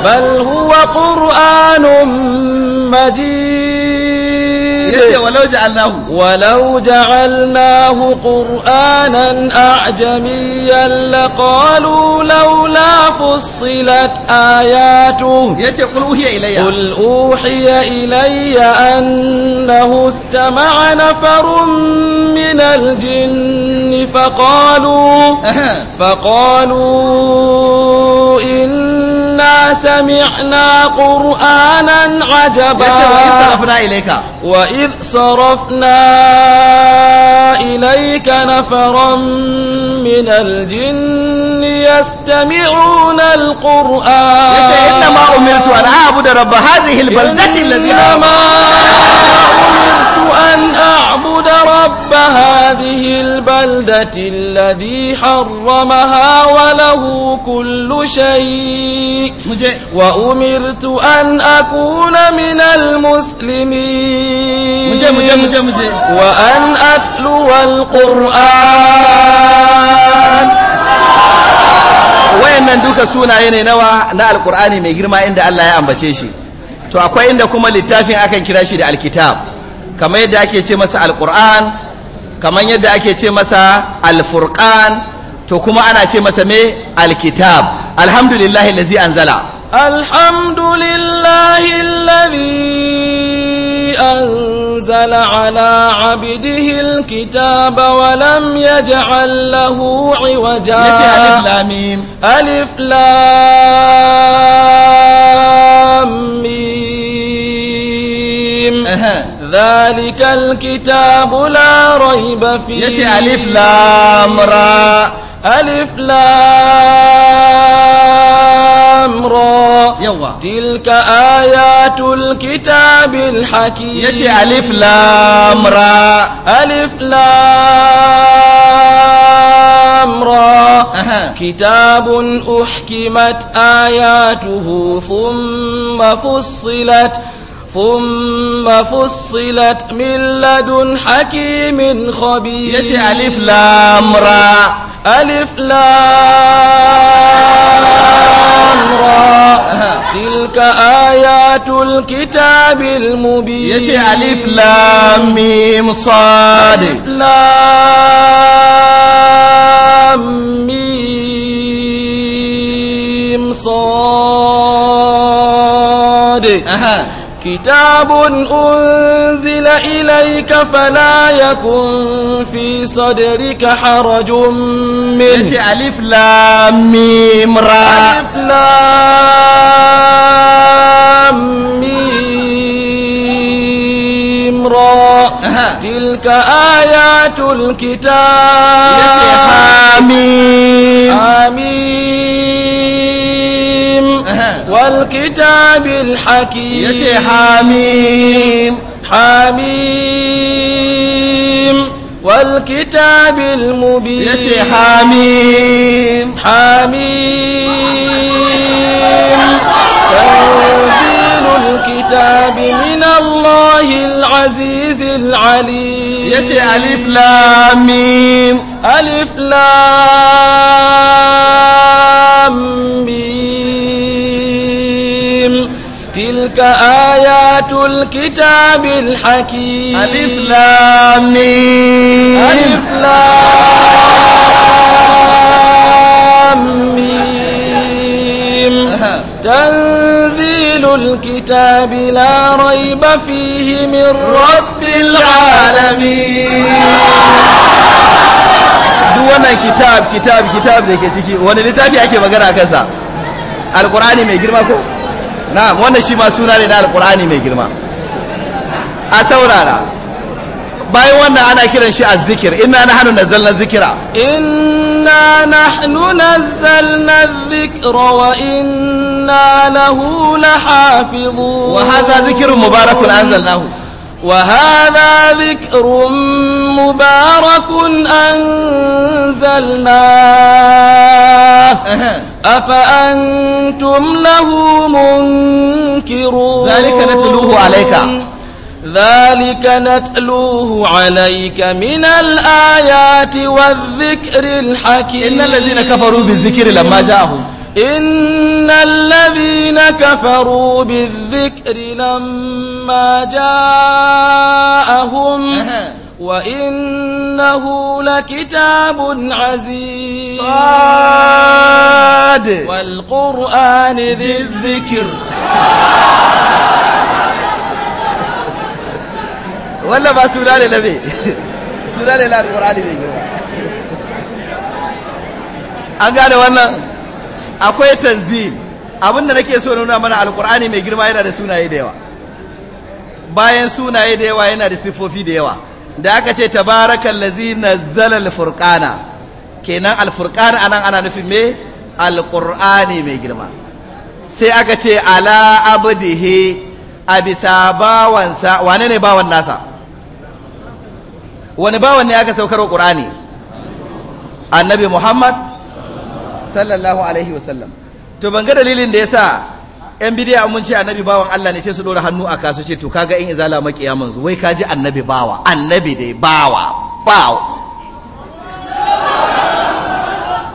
بل هو قرآن مجيد ولو جعلناه ولو جعلناه قرآنا أعجميا لقالوا لولا فصلت آياته يجي قل أوحي إلي قل أوحي إلي أنه استمع نفر من الجن فقالوا فقالوا إن سمعنا قرآنا عجبا وإذ صرفنا إليك وإذ صرفنا إليك نفرا من الجن يستمعون القرآن إنما أمرت أن أعبد رب هذه البلدة الذي إنما أمرت أن أعبد رب هذه البلدة الذي حرمها وله كل شيء wa umirtu an akuna min al wa an qur'an wayannan duka sunaye ne nawa na alqur'ani mai girma inda Allah ya ambace shi to akwai inda kuma littafin akan kira shi da alkitab kamar yadda ake ce masa alqur'an kamar yadda ake ce masa alfurqan to kuma ana ce masa me alkitab alhamdulillahi allazi anzala alhamdulillahi allazi anzala ala abdihi alkitaba wa lam yaj'al lahu iwaja alif lam mim alif ذلك الكتاب لا ريب فيه ألف لام را ألف لام را تلك آيات الكتاب الحكيم يتي ألف لام را ألف لام را كتاب أحكمت آياته ثم فصلت ثم فصلت من لدن حكيم خبير يتي ألف لام را ألف لام را تلك آيات الكتاب المبين يشي ألف لام ميم صاد ألف لام ميم صاد كتاب أنزل إليك فلا يكن في صدرك حرج منه ألف لام ميم را ألف لام ميم را تلك آيات الكتاب حميم حميم والكتاب الحكيم حميم حميم والكتاب المبين حميم حميم تنزيل الكتاب من الله العزيز العليم يتي ألف لاميم ألف لام ميم تلك آيات الكتاب الحكيم ألف لام ميم ألف لام ميم تنزيل الكتاب لا ريب فيه من رب العالمين duk wannan kitab kitab kitab da ke ciki wani littafi ake magana a kansa alkur'ani mai girma ko na wannan shi ma suna ne na alkur'ani mai girma a saurara bayan wannan ana kiran shi azzikir inna nahnu nazzalna zikira inna nahnu nazzalna dhikra wa inna lahu lahafizun wa hadha dhikrun mubarakun anzalnahu وهذا ذكر مبارك أنزلناه أفأنتم له منكرون ذلك نتلوه عليك ذلك نتلوه عليك من الآيات والذكر الحكيم إن الذين كفروا بالذكر لما جاءهم إن الذين كفروا بالذكر لما جاءهم وإنه لكتاب عزيز صاد والقرآن ذي الذكر wannan ba suna ne na me suna ne na alƙur'ani mai girma an gane wannan akwai tanzil abinda nake so nuna mana alƙur'ani mai girma yana da sunaye da yawa bayan sunaye da yawa yana da siffofi da yawa da aka ce tabarakan lazi na zalal furkana kenan alfurkana anan ana nufin me alƙur'ani mai girma sai aka ce ala abdihi a bisa bawansa wane ne bawan nasa wani bawan ne aka saukar wa ƙur'ani annabi muhammad sallallahu alaihi wasallam to ban ga dalilin da ya sa yan bidiya mun ce annabi bawan allah ne sai su ɗora hannu a kasu ce to kaga in izala ya manzu wai kaji annabi bawa annabi dai bawa bawa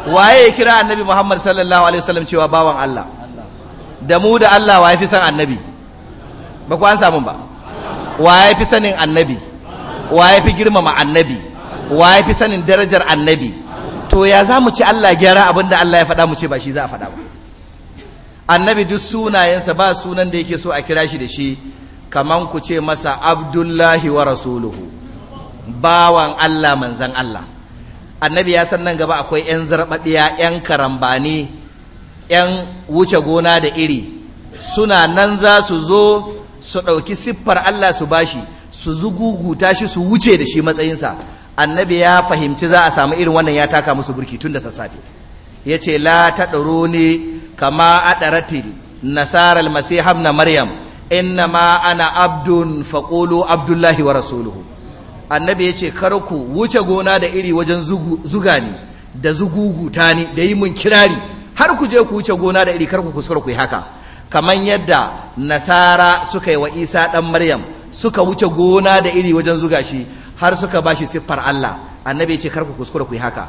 waye ya kira annabi muhammad sallallahu alaihi wasallam cewa bawan allah da mu da allah waye fi san annabi ba ku an samu ba waye fi sanin annabi wa ya fi girmama annabi wa ya fi sanin darajar annabi to ya za mu ci Allah gyara abin da Allah ya faɗa mu ce ba shi za a faɗa ba annabi duk sunayensa ba sunan da yake so a kira shi da shi kaman ku ce masa abdullahi wa rasuluhu bawan Allah manzan Allah annabi ya san nan gaba akwai 'yan zarɓaɓiya 'yan karambani 'yan wuce gona da iri suna nan za su zo su ɗauki siffar Allah su bashi su zuguguta shi su wuce da shi matsayinsa annabi ya fahimci za a samu irin wannan ya taka musu burki tun da sassafe ya ce la ta ɗaro ne kama a ɗaratin nasarar masiham na maryam inna ma ana abdun faƙolo abdullahi wa rasuluhu annabi ya ce ku wuce gona da iri wajen zuga ni da zuguguta ni da yi mun kirari har ku je ku wuce gona da iri karku ku kuskura ku yi haka kamar yadda nasara suka yi wa isa ɗan maryam suka wuce gona da iri wajen zuga shi har suka ba shi siffar Allah annabi ya ce kar kuskura ku yi haka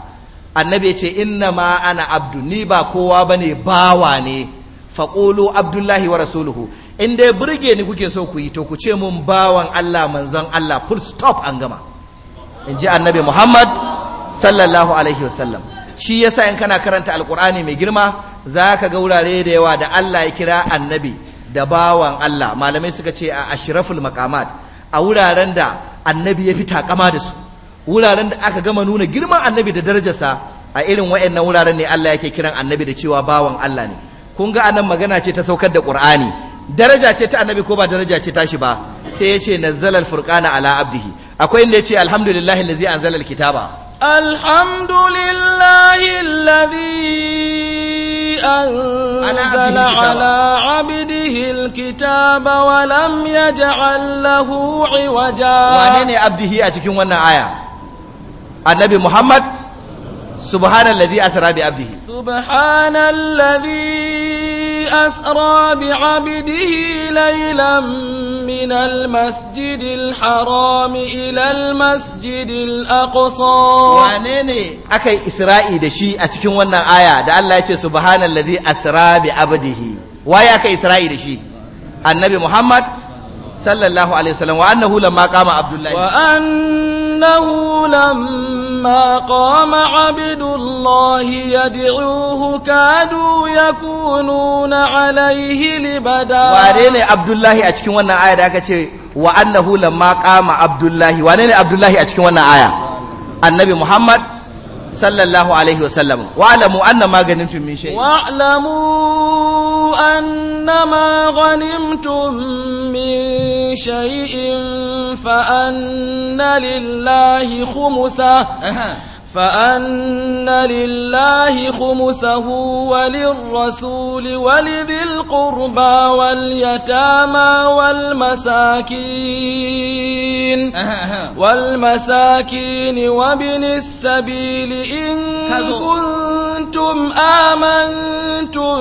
annabi ya ce inna ma ana abdu ni ba kowa ba ne bawa ne Faƙolo abdullahi wa rasuluhu in dai burge ni kuke so ku yi to ku ce mun bawan Allah manzon Allah full stop an gama in ji annabi Muhammad sallallahu alaihi wasallam shi yasa in kana karanta alqur'ani mai girma zaka ga wurare da yawa da Allah ya kira annabi da bawan Allah malamai suka ce a ashraful maqamat a wuraren da annabi ya fi takama da su wuraren da aka gama nuna girman annabi da darajarsa a irin waɗannan wuraren ne Allah yake kiran annabi da cewa bawan Allah ne kun ga anan magana ce ta saukar da Qur'ani daraja ce ta annabi ko ba daraja ce tashi ba sai ya ce nazzalal furqana ala abdihi akwai inda ya ce alhamdulillahi allazi anzala kitaba. الحمد لله الذي أنزل على عبده الكتاب ولم يجعل له عوجا وانين عبده أتكين وانا آية النبي محمد سبحان الذي أسرى بعبده سبحان الذي أسرى بعبده ليلا من المسجد الحرام إلى المسجد الأقصى وانيني أكي إسرائي دشي أتكين ونن آية دا الله يتي سبحان الذي أسرى بعبده ويا أكي إسرائي دشي النبي محمد sallallahu alaihi wasallam wa annahu lamma qama abdullahi wa annahu lamma qama abdullahi yad'uhu kadu yakununa alaihi libada wane ne abdullahi a cikin wannan aya da aka ce wa annahu lamma qama abdullahi wane ne abdullahi a cikin wannan aya annabi muhammad sallallahu alaihi wasallam wa'lamu anna ma ganimtum min shay'in wa'lamu anna ma ghanimtum min shay'in fa anna lillahi khumsahu فأن لله خمسه وللرسول ولذي القربى واليتامى والمساكين والمساكين وابن السبيل إن كنتم آمنتم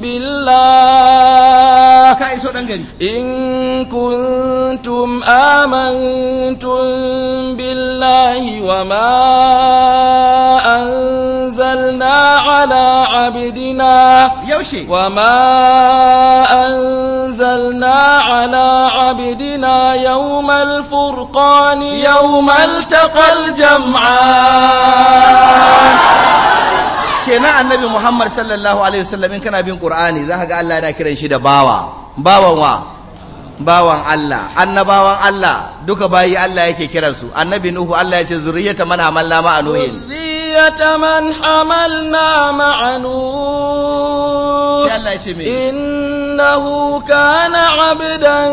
بالله إن كنتم آمنتم بالله وما أنزلنا على عبدنا يوشي وما أنزلنا على عبدنا يوم الفرقان يوم التقى الجمعان kenan annabi Muhammad sallallahu alaihi wasallam in kana bin Qur'ani zaka ga Allah yana kiran shi da bawa bawan bawan Allah annabawan Allah duka bayi Allah yake kiransu annabi nuhu Allah ya ce zuriyata man hamalna ma'a nuhin zuriyata man hamalna ma'a nuh Allah ya ce me innahu kana abdan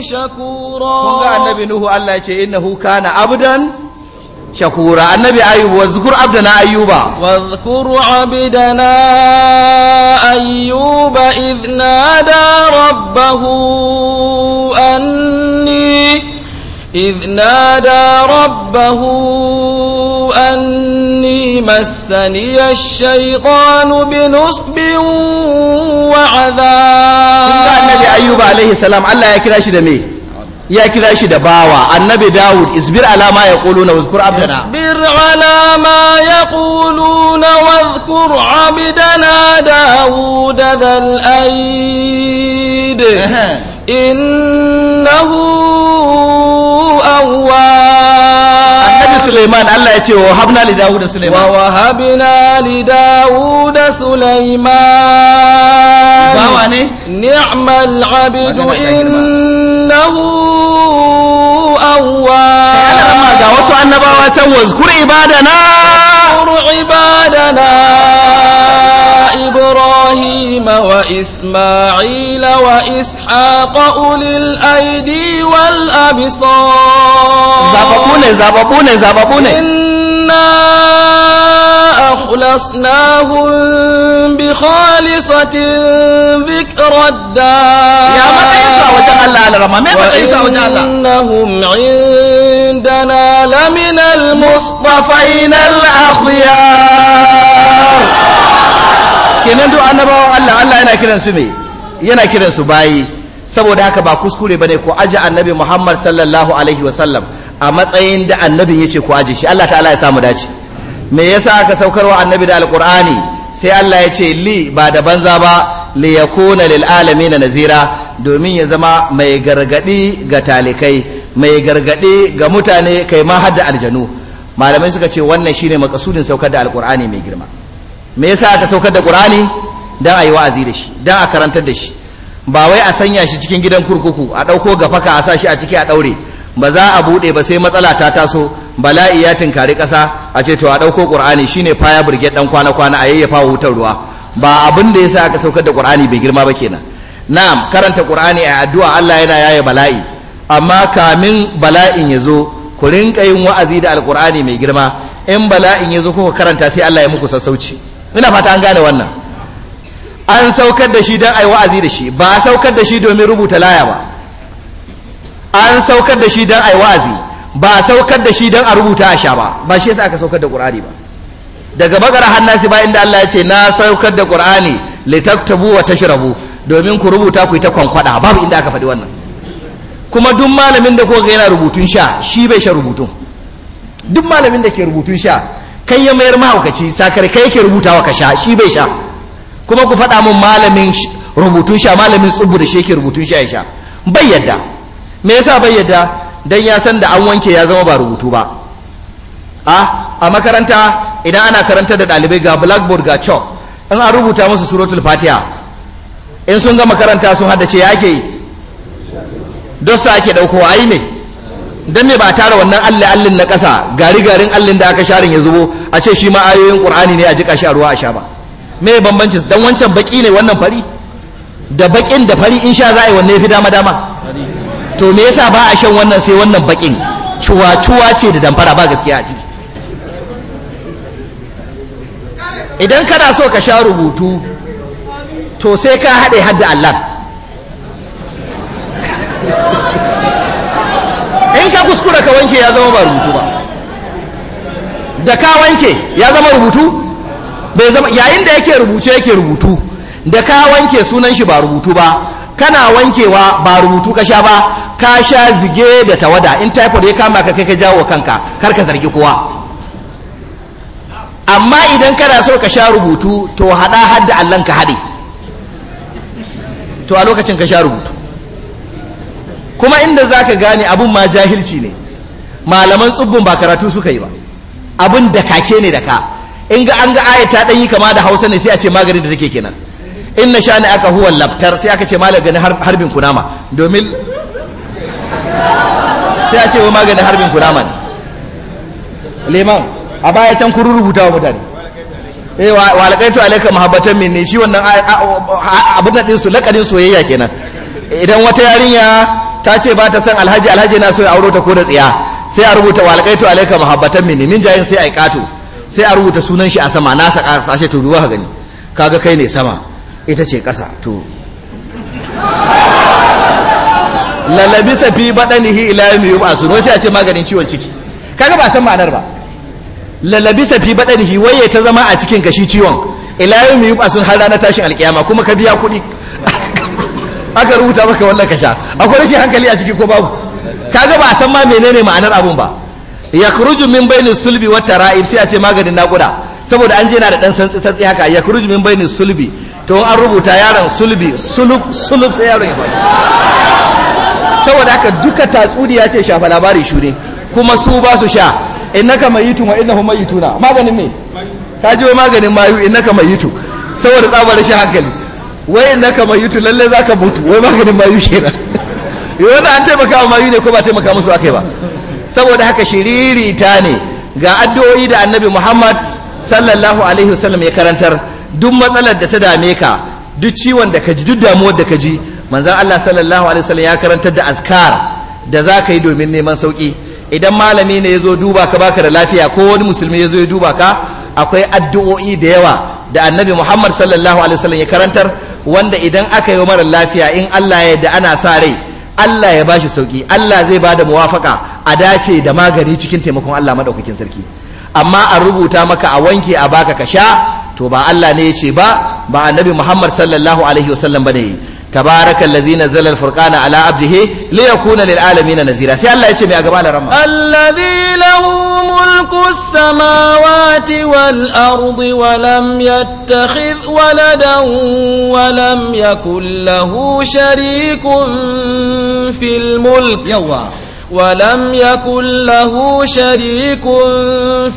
shakura kun ga annabi nuhu Allah ya ce innahu kana abdan شكورا النبي أيوب واذكر عبدنا أيوب واذكر عبدنا أيوب إذ نادى ربه أني إذ نادى ربه أني مسني الشيطان بنصب وعذاب النبي أيوب عليه السلام الله يكرا شدمي ya kira shi da bawa annabi dawud isbir alama ala ma yaquluna wazkur abdana isbir alama ala ma yaquluna wazkur abdana dawud dhal aid innahu awwab annabi suleiman Allah ya ce wa habna li dawud suleiman wa habna li dawud suleiman bawa ne ni'mal abdu in innahu awwab ga wasu annabawa can wazkur ibadana wazkur ibadana إبراهيم وإسماعيل وإسحاق أولي الأيدي والأبصار زبابون إنا أخلصناهم بخالصة ذكر الدار يا متى وجه الله لرما متى إنهم عندنا Allah Allah yana kiran su ne yana kiran su bayi saboda haka ba kuskure bane ko aji annabi Muhammad sallallahu alaihi sallam. a matsayin da annabin ce ku aje shi Allah ta'ala ya samu dace me yasa aka wa annabi da alqur'ani sai Allah ya ce li ba da banza ba li yakuna lil alamin nazira domin ya zama mai gargadi ga talikai mai gargadi ga mutane kai ma hadda aljanu malamai suka ce wannan shine makasudin saukar da alqur'ani mai girma me yasa aka saukar da qur'ani dan ayi wa'azi da shi dan a karantar da shi ba wai a sanya shi cikin gidan kurkuku a dauko gafaka a sa shi a ciki a daure ba za a bude ba sai matsala ta taso bala'i ya tinkari ƙasa a ce to a ɗauko ƙur'ani shine faya burge dan kwana-kwana a yayyafa wutar ruwa ba abin da yasa aka saukar da ƙur'ani bai girma ba kenan na'am karanta ƙur'ani a addu'a Allah yana yaye bala'i amma kamin bala'in ya zo ku rinka yin wa'azi da alƙur'ani mai girma in bala'in ya zo kuka karanta sai Allah ya muku sassauci ina fata an gane wannan an saukar da shi don ai wa'azi da shi ba a saukar da shi domin rubuta laya ba an saukar da shi don a yi wa'azi ba a saukar da shi don a rubuta a sha ba ba shi yasa aka saukar da ƙur'ani ba daga hannu hannasi ba da Allah ya ce na saukar da ƙur'ani litaktabu wa tashrabu domin ku rubuta ku yi ta kwankwada babu inda aka faɗi wannan kuma duk malamin da kuka yana rubutun sha shi bai sha rubutun duk malamin da ke rubutun sha kai ya mayar mahaukaci sakar kai yake rubutawa ka sha shi bai sha kuma ku faɗa min malamin rubutun sha malamin tsubu da shi yake rubutun sha ya sha bai yadda me yasa bai yadda dan ya san da an wanke ya zama ba rubutu ba a a makaranta idan ana karanta da dalibai ga blackboard ga chalk in an rubuta musu suratul fatiha in sun ga makaranta sun hada ya ke dosta ake dauko ayi me dan me ba a tara wannan allah allin na kasa gari garin allin da aka sharin ya zubo a ce shi ma ayoyin qur'ani ne a jika shi a ruwa a sha ba me bambancin dan wancan baki ne wannan fari da bakin da fari in sha za a yi wanne ya fi dama dama to me yasa ba a shan wannan sai wannan bakin cuwa-cuwa ce da damfara ba gaskiya a ciki idan kana so ka sha rubutu to sai ka haɗe hadda Allah in ka kuskura ka wanke ya zama ba rubutu ba da ka wanke ya zama rubutu yayin da yake rubuce yake rubutu da ka wanke sunan shi ba rubutu ba kana wankewa ba rubutu ka sha ba ka sha zige da tawada in typhoid ya kama ka kai ka jawo kanka kar ka zargi kowa amma idan kana so ka sha rubutu to hada hadda allah ka hade to a lokacin ka sha rubutu kuma inda za ka gane abun ma jahilci ne malaman tsubbun ba karatu suka yi ba abun da kake ne da ka in ga an ga ayata ta ɗanyi kama da hausa ne sai a ce maganin da take kenan na sha'ani aka huwa labtar sai aka ce malam gani harbin kunama domin sai a ce wa maganin harbin kunama ne liman a baya can kuru rubuta wa mutane eh wa alqaitu alayka mahabbatan ne shi wannan abin da din su lakarin soyayya kenan idan wata yarinya ta ce ba ta san alhaji alhaji na so ya auro ta ko da tsiya sai a rubuta wa alqaitu alayka mahabbatan ne min jayin sai yi ƙato sai a rubuta sunan shi a sama nasa tobi to ka gani kaga kai ne sama ita ce ƙasa to lalabi safi baɗanihi ila yau yi ba su sai a ce maganin ciwon ciki kaga ba san ma'anar ba lalabi safi baɗanihi waye ta zama a cikin kashi ciwon ila yau yi ba sun har ranar tashin alƙiyama kuma ka biya kuɗi aka rubuta maka wannan kasha akwai rashin hankali a ciki ko babu kaga ba san ma menene ma'anar abun ba yakhruju min bainin sulbi wata ra'ib sai a ce maganin naƙuda saboda an je na da dan santsi haka yakhruju min bainin sulbi to an rubuta yaron sulbi sulub sulub sai yaron ya faɗi saboda haka duka tatsuniya ce shafa labari shure kuma su ba su sha innaka mayitun wa mai yituna maganin me ka ji maganin mayu innaka yitu saboda tsabar rashin hankali wai innaka yitu lalle zaka mutu wai maganin mayu kenan wanda an taimaka wa mayu ne ko ba taimaka musu akai ba saboda haka shiririta ne ga addu'o'i da annabi Muhammad sallallahu alaihi wasallam ya karantar duk matsalar da ta dame ka duk ciwon da ka ji duk damuwar da ka ji manzon Allah sallallahu alaihi wasallam ya karantar da azkar da za ka yi domin neman sauki idan malami ne ya zo duba ka baka da lafiya ko wani musulmi ya zo ya duba ka akwai addu'o'i da yawa da annabi Muhammad sallallahu alaihi wasallam ya karantar wanda idan aka yi mara lafiya in Allah ya da ana sa rai Allah ya bashi sauki Allah zai bada muwafaka a dace da magani cikin taimakon Allah madaukakin sarki amma a rubuta maka a wanke a baka ka sha to ba Allah ne ya ce ba ba annabi Muhammad sallallahu alaihi wasallam ba ne tabaraka allazi nazala alfurqana ala abdihi li yakuna lil alamin nazira sai Allah ya ce mai a gaba larama allazi lahu mulku samawati tiwal ardi wa lam yattakhidh waladan wa lam yakul lahu sharikun fil mulk yawwa ولم يكن له شريك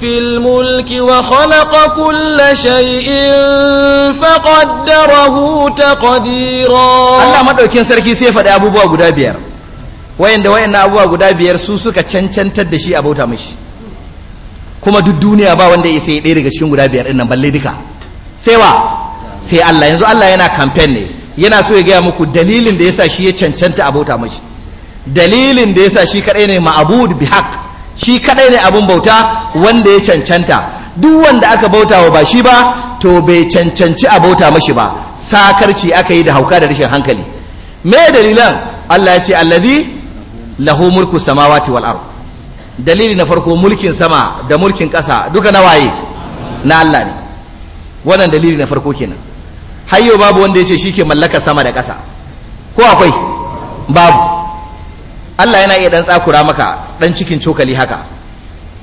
في الملك وخلق كل شيء فقدره تقديرا allah مدوكين sarki sai da abubuwa guda biyar wayanda wayanna abubuwa guda biyar su suka cancantar da shi a bauta mishi kuma duk duniya ba wanda ya sai ɗaya daga cikin guda biyar ɗin nan balle duka sai wa sai Allah yanzu Allah yana campaign ne yana so ya gaya muku dalilin da yasa shi ya cancanta a bauta mishi dalilin da yasa shi kadai ne ma'abud bi haqq shi kadai ne abun bauta wanda ya cancanta duk wanda aka bauta wa ba shi ba to bai cancanci a bauta mashi ba sakarci aka yi da hauka da rashin hankali me dalilan Allah ya ce allazi lahu mulku samawati wal ard dalili na farko mulkin sama da mulkin kasa duka na waye na Allah ne wannan dalili na farko kenan hayyo babu wanda ya ce shi ke mallaka sama da kasa ko akwai babu Allah yana iya dan tsakura maka dan cikin cokali haka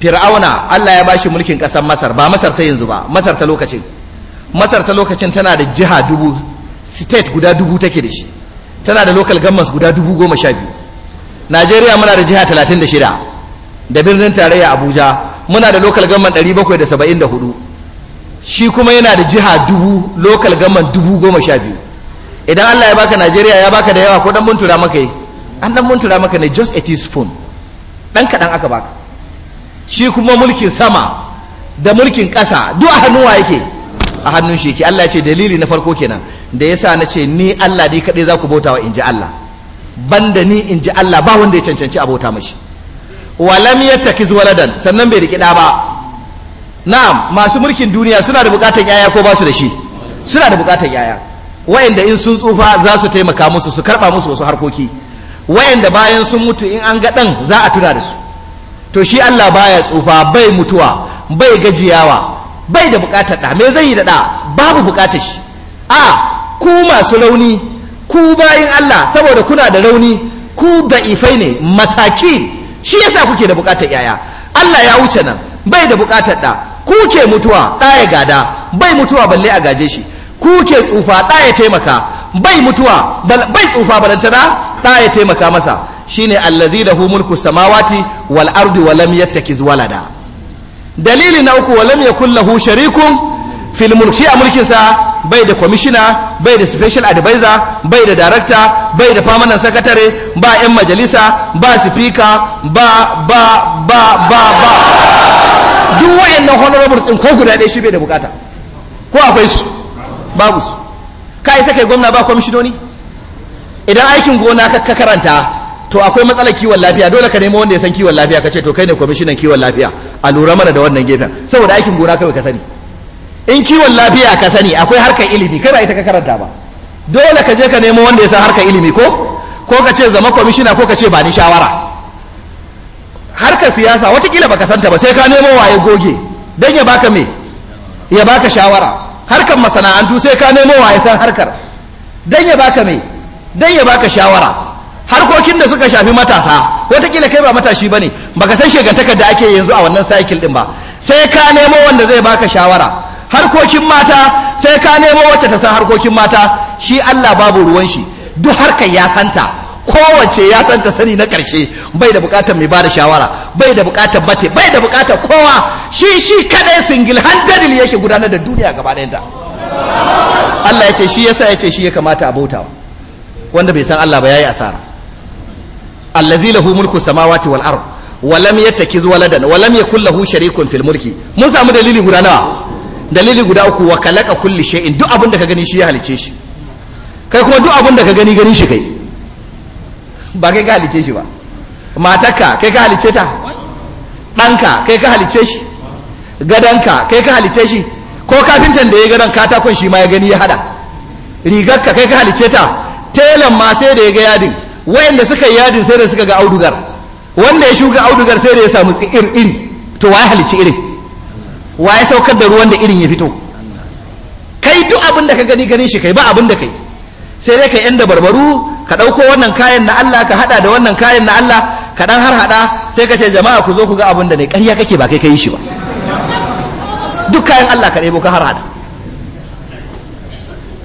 fir'auna Allah ya bashi mulkin kasar masar ba masar ta yanzu ba masar ta lokacin masar ta lokacin tana da jiha dubu state guda dubu take da shi tana da local governments guda dubu goma sha biyu najeriya muna da jiha talatin da shida da birnin tarayya abuja muna da local government ɗari bakwai da saba'in da hudu shi kuma yana da jiha dubu local government dubu goma sha biyu idan allah ya baka najeriya ya baka da yawa ko dan mun tura maka yi an dan muntura maka ne just a teaspoon dan kaɗan aka baka shi kuma mulkin sama da mulkin ƙasa duk a hannuwa yake a hannun shi yake Allah ya ce dalili na farko kenan da yasa na ce ni Allah ni kaɗai za ku bauta wa inji Allah banda ni inji Allah ba wanda ya cancanci a bauta mashi walam yattakiz waladan sannan bai riki ɗa ba na'am masu mulkin duniya suna da bukatar yaya ko ba su da shi suna da bukatar yaya wa'anda in sun tsufa za su taimaka musu su karba musu wasu harkoki wayanda bayan sun mutu in an ga ɗan za a tuna da su to shi Allah baya tsufa bai mutuwa bai gajiyawa bai da bukatar ɗa me zai yi da ɗa babu bukatar shi a ku masu rauni ku bayin Allah saboda kuna da rauni ku da ifai ne masaki shi yasa kuke da bukatar yaya Allah ya wuce nan bai da bukatar ɗa ku ke mutuwa ɗa ya gada bai mutuwa balle a gaje shi ku ke tsufa ɗa ya taimaka bai mutuwa bai tsufa balantana ɗa ya taimaka masa shine allazi hu mulku samawati wal ardi wa lam yattakiz walada dalili na uku wa lam yakul lahu sharikun fil shi a mulkinsa bai da kwamishina bai da special advisor bai da director bai da famanan sakatare ba yan majalisa ba speaker ba ba ba ba ba duk wayannan honorable din ko guda ɗaya shi bai da bukata ko akwai su babu su ka isa kai gwamna ba kwamishinoni idan aikin gona ka karanta to akwai matsalar kiwon lafiya dole ka nemo wanda ya san kiwon lafiya ka ce to kai ne kwamishinan kiwon lafiya a lura mana da wannan gefen saboda aikin gona kawai ka sani in kiwon lafiya ka sani akwai harkar ilimi kai ba ita ka karanta ba dole ka je ka nemo wanda ya san harkar ilimi ko ko ka ce zama kwamishina ko ka ce ba ni shawara harkar siyasa watakila baka santa ba sai ka nemo waye goge don ya baka me ya baka shawara harkar masana'antu sai ka nemo wa ya san harkar dan ya baka mai dan ya baka shawara harkokin da suka shafi matasa watakila kai ba matashi ba ne baka san shegantakar da ake yanzu a wannan cycle din ba sai ka nemo wanda zai baka shawara harkokin mata sai ka nemo wacce ta san harkokin mata shi Allah babu ruwan shi duk harkar ya santa kowace ya san ta sani na ƙarshe bai da buƙatar mai ba da shawara bai da buƙatar bate bai da buƙatar kowa shi shi kadai single handedly yake gudanar da duniya gaba ɗayanta Allah ya ce shi yasa ya ce shi ya kamata a bauta wanda bai san Allah ba yayi asara allazi lahu mulku samawati wal ard wa lam yattakiz waladan wa lam yakul lahu sharikun fil mulki mun samu dalili guda nawa dalili guda uku wa khalaqa kulli shay'in duk abin da ka gani shi ya halice shi kai kuma duk abin da ka gani gani shi kai ba kai ka halice shi ba matarka kai ka halice ta ɗanka kai ka halice shi gadonka kai ka halice shi ko kafintan da ya gadon katakon shi ma ya gani ya hada rigarka kai ka halice ta telan ma sai da ya ga yadin wayanda suka yi yadin sai da suka ga audugar wanda ya shuka audugar sai da ya samu tsir iri to waye halice irin waye saukar da ruwan da irin ya fito kai duk abin da ka gani ganin shi kai ba abin da kai sai dai ka yan da barbaru ka ɗauko wannan kayan na Allah ka haɗa da wannan kayan na Allah ka ɗan har haɗa sai ka ce jama'a ku zo ku ga abin da ne ƙarya kake ba kai ka yi shi ba duk kayan Allah ka ɗebo ka har haɗa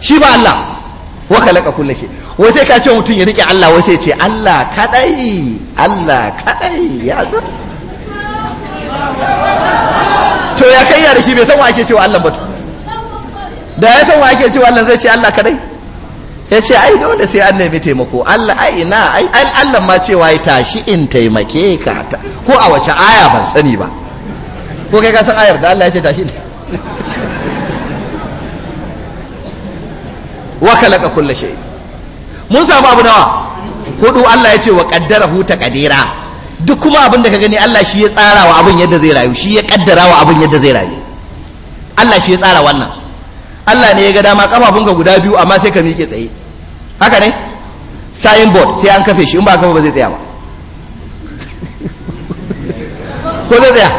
shi ba Allah wa laƙa kulli shi wai sai ka ce mutum ya riƙe Allah wai sai ce Allah kaɗai, Allah kaɗai, ya zan to ya kai ya da shi bai san wa ake cewa Allah ba to da ya san wa ake cewa Allah zai ce Allah kaɗai. ya ce ai dole sai an nemi taimako Allah ai ina ai Allah ma cewa ya tashi in taimake ka ko a wace aya ban sani ba ko kai ka san ayar da Allah ya ce tashi wa kalaka kulle shay mun samu abu nawa hudu Allah ya ce wa ta kadira duk kuma abin da ka gani Allah shi ya tsara wa abin yadda zai rayu shi ya kaddara wa abin yadda zai rayu Allah shi ya tsara wannan Allah ne ya ga dama kafafunka guda biyu amma sai ka miƙe tsaye haka ne sayin bot sai an kafe shi in ba kafa ba zai tsaya ba ko zai tsaya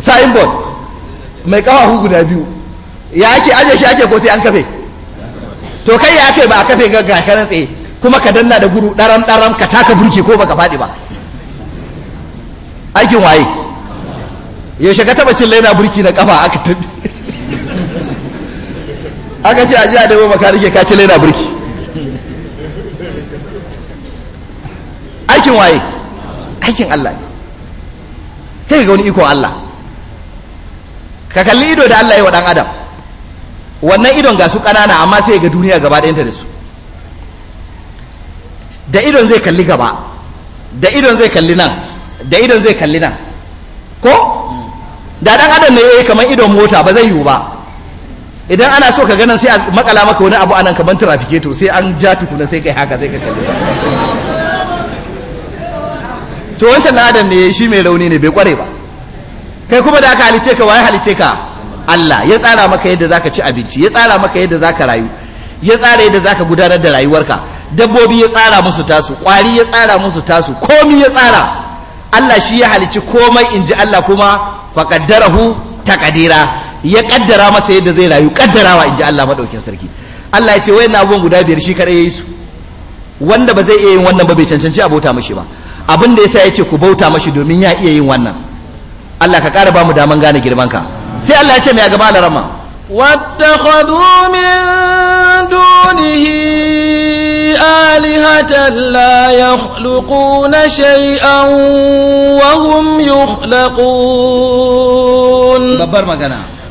sayin bot mai kafafu guda biyu ya ake aje shi ake ko sai an kafe to kai ya kai ba a kafe ga gakarar tsaye kuma ka danna da guru ɗaran ɗaran ka taka burki ko baka faɗi ba aikin waye yaushe ka taba cin laina burki na kafa aka tabi aka ce a ji a dai makarike ka ci laina burki aikin waye aikin Allah ne kai ga wani iko Allah ka kalli ido da Allah ya wa dan adam wannan idon ga su kanana amma sai ga duniya gaba ɗayanta da su da idon zai kalli gaba da idon zai kalli nan da idon zai kalli nan ko da dan adam ne yayi kamar idon mota ba zai yiwu ba idan ana so ka ganin sai a makala maka wani abu anan kaman trafike to sai an ja tukuna sai kai haka sai ka kalli to wancan na adam ne shi mai rauni ne bai kware ba kai kuma da aka halice ka waye halice ka Allah ya tsara maka yadda zaka ci abinci ya tsara maka yadda zaka rayu ya tsara yadda zaka gudanar da rayuwarka dabbobi ya tsara musu tasu kwari ya tsara musu tasu komi ya tsara Allah shi ya halici komai inji Allah kuma faqaddarahu taqdira ya kaddara masa yadda zai rayu kaddarawa in ji Allah madaukin sarki Allah ya ce wayan abubuwan guda biyar shi kaɗai ya yi su wanda ba zai iya yin wannan ba bai cancanci a bauta mashi ba abin da yasa ya ce ku bauta mashi domin ya iya yin wannan Allah ka ƙara ba mu daman gane girman ka. sai Allah ya ce mai gaba alarama واتخذوا من دونه آلهة لا يخلقون شيئا وهم يخلقون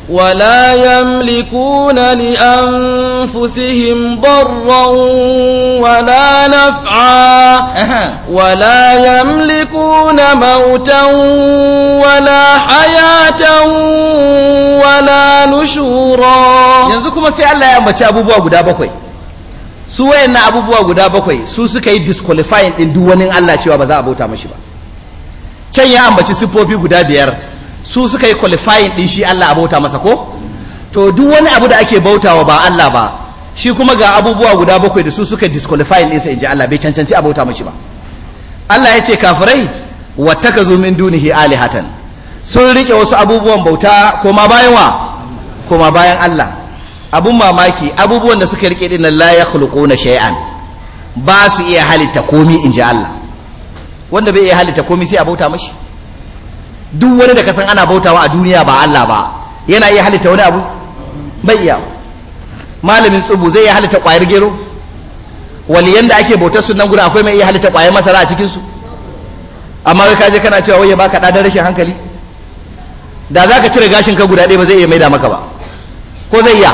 walayan يملكون لأنفسهم ضرا ولا نفعا ولا يملكون موتا ولا حياة ولا نشورا ينزكم سي الله يمبتي أبو بوا قدا بكوي su wayannan abubuwa guda bakwai su suka yi disqualifying din duk wani Allah cewa ba za a bauta mashi ba can ya ambaci siffofi guda biyar su suka yi qualifying din shi Allah a masa ko to duk wani abu da ake bautawa ba Allah ba shi kuma ga abubuwa guda bakwai da su suka disqualifying din sa inji Allah bai cancanci a bauta ba Allah ya ce kafirai wattakazu min dunihi alihatan sun rike wasu abubuwan bauta ko ma bayan wa ko ma bayan Allah abun mamaki abubuwan da suka rike din la yakhluquna shay'an ba su iya halitta komi inji Allah wanda bai iya halitta komi sai a bauta mashi duk wani da kasan ana bautawa a duniya ba Allah ba yana iya halitta wani abu bai iya malamin tsubu zai iya halitta kwayar gero waliyan da ake bautar sunan guda akwai mai iya halitta kwayar masara a cikin su amma kai kaje kana cewa wai ya baka da rashin hankali da za ka cire gashin ka guda ɗaya ba zai iya maida maka ba ko zai iya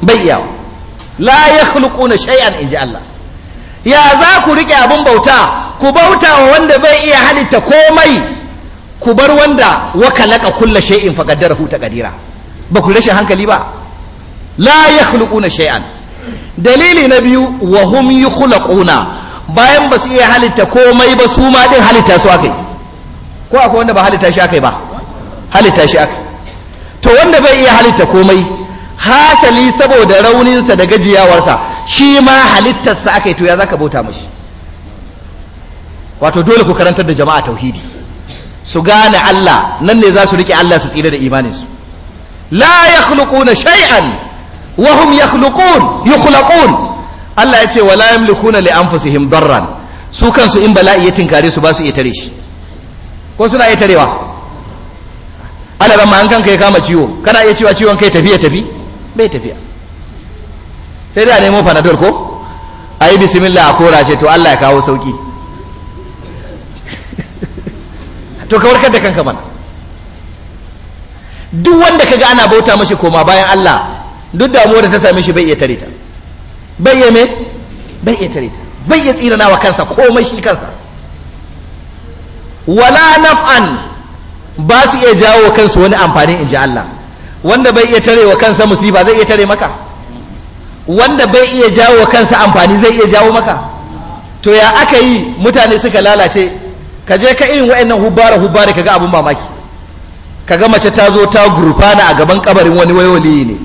bai iya la yakhluquna shay'an inji Allah ya za ku rike abun bauta ku bauta wa wanda bai iya halitta komai ku bar wanda wa kalaka kulla shay'in fa hu taqdira ba ku rashin hankali ba la yakhluquna shay'an dalili na biyu wa hum yukhluquna bayan ba su iya halitta komai ba su ma din halitta su akai ko akwai wanda ba halitta shi akai ba halitta shi akai to wanda bai iya halitta komai hasali saboda rauninsa da gajiyawarsa shi ma halittarsa akai to ya zaka bauta mashi wato dole ku karantar da jama'a tauhidi su gane Allah nan ne za su rike Allah su tsira da imaninsu la yakhluquna shay'an wa hum yakhluqun yukhlaqun Allah ya ce wa la yamlikuna li anfusihim darran su kansu in bala'i ya tinkare su ba su iya tare shi ko suna iya tarewa Allah ba ma an kanka ya kama ciwo kana iya cewa ciwon kai tafiya tafi bai tafiya sai da nemo panadol ko ayi bismillah a kora ce to Allah ya kawo sauki to ka warkar da kanka mana duk wanda kaga ana bauta mashi koma bayan Allah duk damuwar da ta same shi bai iya tare ta bai iya me bai iya tare ta bai iya na wa kansa komai shi kansa wala naf'an ba su iya jawo wa kansu wani amfani in ji Allah wanda bai iya tare wa kansa musiba zai iya tare maka wanda bai iya jawo wa kansa amfani zai iya jawo maka to ya aka yi mutane suka lalace ka je ka irin wa'annan hubara hubara ka ga abin mamaki ka ga mace ta zo ta gurfana a gaban kabarin wani wayoli ne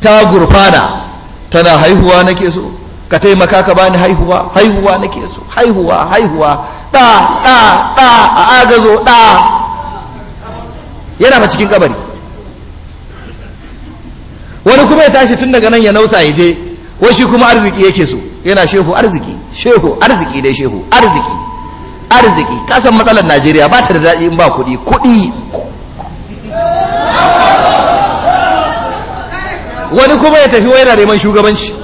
ta gurfana tana haihuwa nake so ka taimaka ka bani haihuwa haihuwa nake so haihuwa haihuwa da da da a agazo da yana ma cikin kabari wani kuma ya tashi tun daga nan ya nausa ya je wai shi kuma arziki yake so yana shehu arziki shehu arziki dai shehu arziki arziki kasan matsalar najeriya ba ta da daɗi in ba kuɗi kuɗi wani kuma ya tafi na neman shugabanci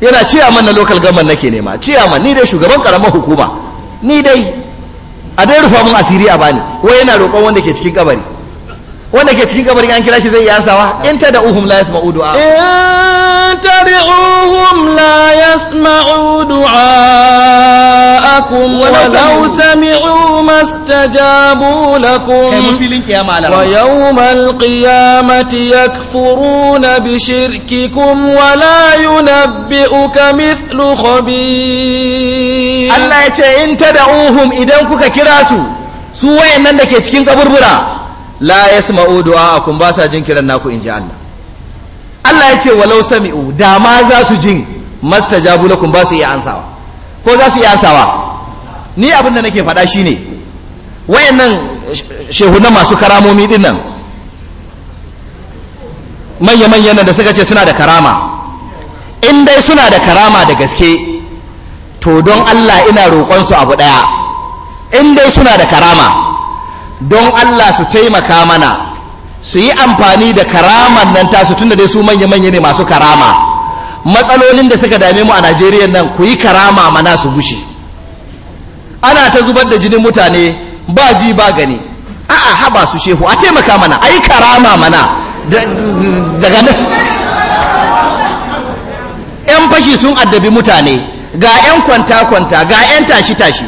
yana ciyaman na local government nake nema ciyaman ni dai shugaban karamar hukuma ni dai a dai rufa mun asiri a bani wai yana roƙon wanda ke cikin kabari wanda ke cikin kabarin an kira shi zai yasawa in ta da uhum la yasma'u du'a in ta da uhum la yasma'u du'aakum walau sami'u mastajabu lakum kai mu filin kiyama ala wa yawmal qiyamati yakfuruna bi shirkikum wa la yunabbi'uka mithlu khabir Allah ya ce in ta da uhum idan kuka kira su su wayannan da ke cikin kaburbura la yasma'u du'a'akum ba sa jin kiran naku ji Allah Allah ya ce walau sami'u da ma za su jin mastajabu lakum ba su iya ansawa ko za su iya ansawa ni abin da nake faɗa shine wayannan shehuna masu karamomi din nan manya-manyan nan da suka ce suna da karama in dai suna da karama da gaske to don Allah ina roƙonsu abu ɗaya in dai suna da karama don Allah su taimaka mana su yi amfani da karaman nan tasu tunda dai su manya-manya ne masu karama matsalolin da suka dame mu a Najeriya nan ku yi karama mana su gushi ana ta zubar da jinin mutane ba ji ba gani a'a haba su shehu a taimaka mana a yi karama mana daga nan yan fashi sun addabi mutane ga yan kwanta-kwanta ga yan tashi-tashi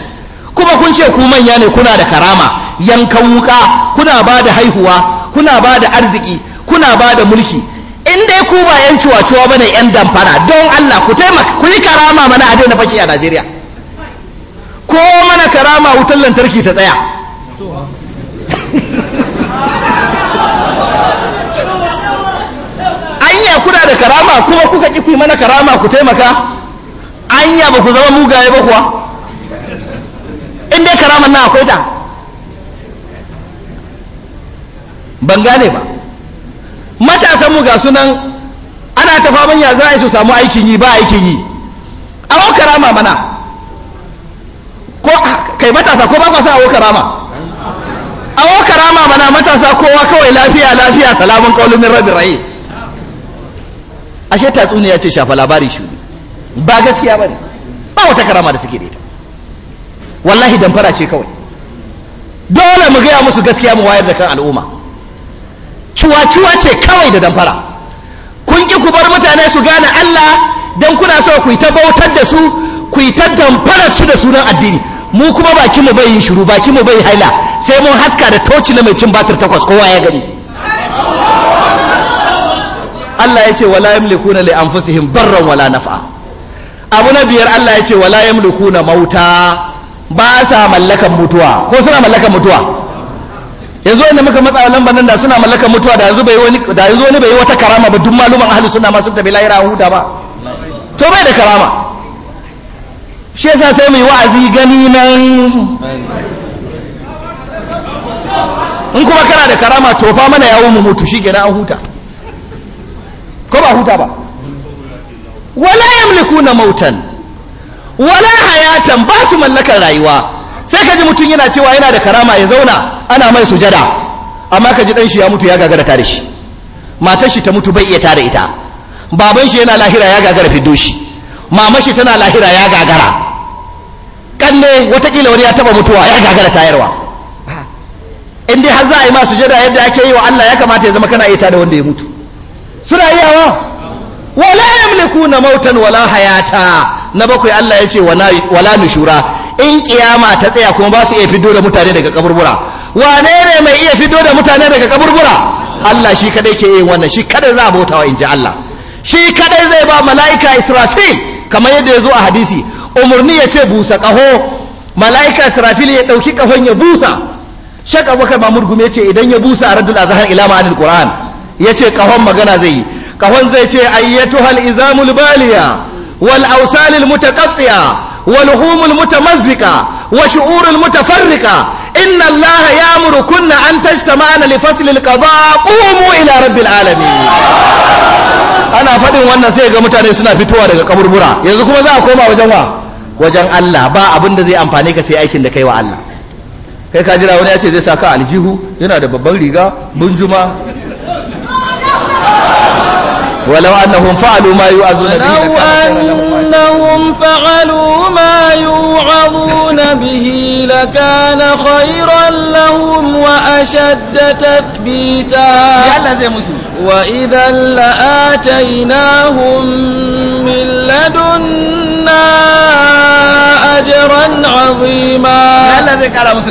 kuma kun ce ku manya ne kuna da karama yankan wuka kuna ba da haihuwa kuna ba da arziki kuna ba da mulki in dai ku ba yan cuwa ba ne yan damfara don Allah ku taimaka ku yi karama mana a daina fashi a Najeriya ko mana karama wutar lantarki ta tsaya anya kuna da karama kuma kuka ki ku yi mana karama ku taimaka anya ba ku zama mugaye ba kuwa in dai karamar nan akwai ta ban gane ba matasan mu ga sunan ana ta faman ya za a su samu aikin yi ba aikin yi a karama mana ko kai matasa ko ba kwa a wo karama awo karama mana matasa kowa kawai lafiya lafiya salamun kaulun min rabbi rahim ashe tatsuniya ce shafa labari shi ba gaskiya bane ba wata karama da suke da ita wallahi damfara ce kawai dole mu gaya musu gaskiya mu wayar da kan al'umma cuwa-cuwa ce kawai da damfara kun ki ku bar mutane su gane Allah don kuna so ku yi ta bautar da su ku yi ta damfarar su da sunan addini mu kuma baki mu bai shiru baki mu bai haila sai mun haska da toci na mai cin batir takwas kowa ya gani Allah ya ce wala yamlikuna li anfusihim darran wala naf'a abu na biyar Allah ya ce wala yamlikuna mauta ba sa mallakan mutuwa ko suna mallakan mutuwa yanzu wanda muka matsa lamba nan da suna mallakar mutuwa da yanzu bai wani da yanzu wani bai yi wata karama ba duk maluman ahli sunna ma sun tabi lahira huta ba to bai da karama shi yasa sai mu yi wa'azi gani nan in kuma kana da karama to fa mana yawo mu mutu shi gina an huta ko ba huta ba wala yamlikuna mautan wala hayatan ba su mallakar rayuwa sai ka ji mutum yana cewa yana da karama ya zauna ana mai sujada amma ka ji dan shi ya mutu ya gagara tare shi matar shi ta mutu bai iya tare ita baban shi yana lahira ya gagara fiddo shi mama shi tana lahira ya gagara kanne watakila wani ya taba mutuwa ya gagara tayarwa in dai har za a yi ma sujada yadda ake yi wa Allah ya kamata ya zama kana iya da wanda ya mutu suna iyawa wala yamliku na mautan wala hayata na bakwai Allah ya ce wala nushura in kiyama ta tsaya kuma ba su iya fito da mutane daga kaburbura wane ne mai iya fito da mutane daga kaburbura Allah shi kadai ke yin wannan shi kadai za a bautawa in ji Allah shi kadai zai ba mala'ika Israfil kamar yadda ya zo a hadisi umarni ya ce busa kaho mala'ika Israfil ya dauki kahon ya busa shaka Abubakar Mamud ya ce idan ya busa a radul azhar ila ma'anil ya ce kahon magana zai yi kahon zai ce ayyatuhal izamul baliya wal awsalil mutaqattiya ولحوم المتمزقة وشعور المتفرقة إن الله يأمر كن أن تجتمعنا لفصل القضاء قوموا إلى رب العالمين أنا فدin wannan sai ga mutane suna fitowa daga kaburbura yanzu kuma za a koma wajen wa wajen Allah ba abin da zai amfane ka sai aikin da kai wa Allah kai ka jira wani ya ce zai saka aljihu yana da babban riga bunjuma ولو أنهم فعلوا ما يوعظون به لو أنهم فعلوا ما يوعظون به لكان خيرا لهم وأشد تثبيتا وإذا لآتيناهم من لدنا أجرا عظيما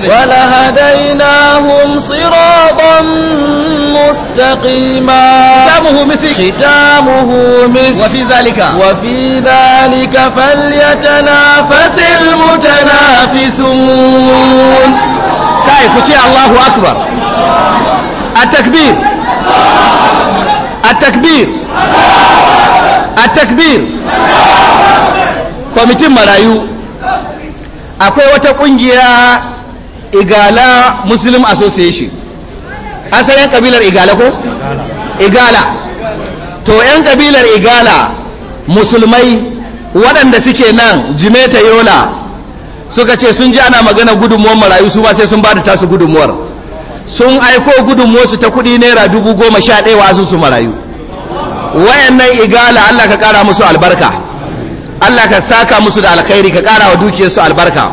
ولهديناهم صراطا مستقيما ختامه مثل ختامه مثل وفي ذلك وفي ذلك فليتنافس المتنافسون كاي طيب، كتي الله أكبر التكبير التكبير التكبير kwamitin marayu akwai wata kungiya igala muslim association asalin yan kabilar igala ko igala to yan kabilar igala musulmai waɗanda suke nan jimeta yola suka ce sun ji ana magana gudunmuwan marayu su ba sai sun ba da tasu gudunmuwar sun aiko gudunmuwarsu ta kudi naira dubu goma sha ɗaya wa asusu marayu wayannan igala allah ka ƙara musu albarka Allah ka saka musu da alkhairi ka ƙara wa dukiyarsu albarka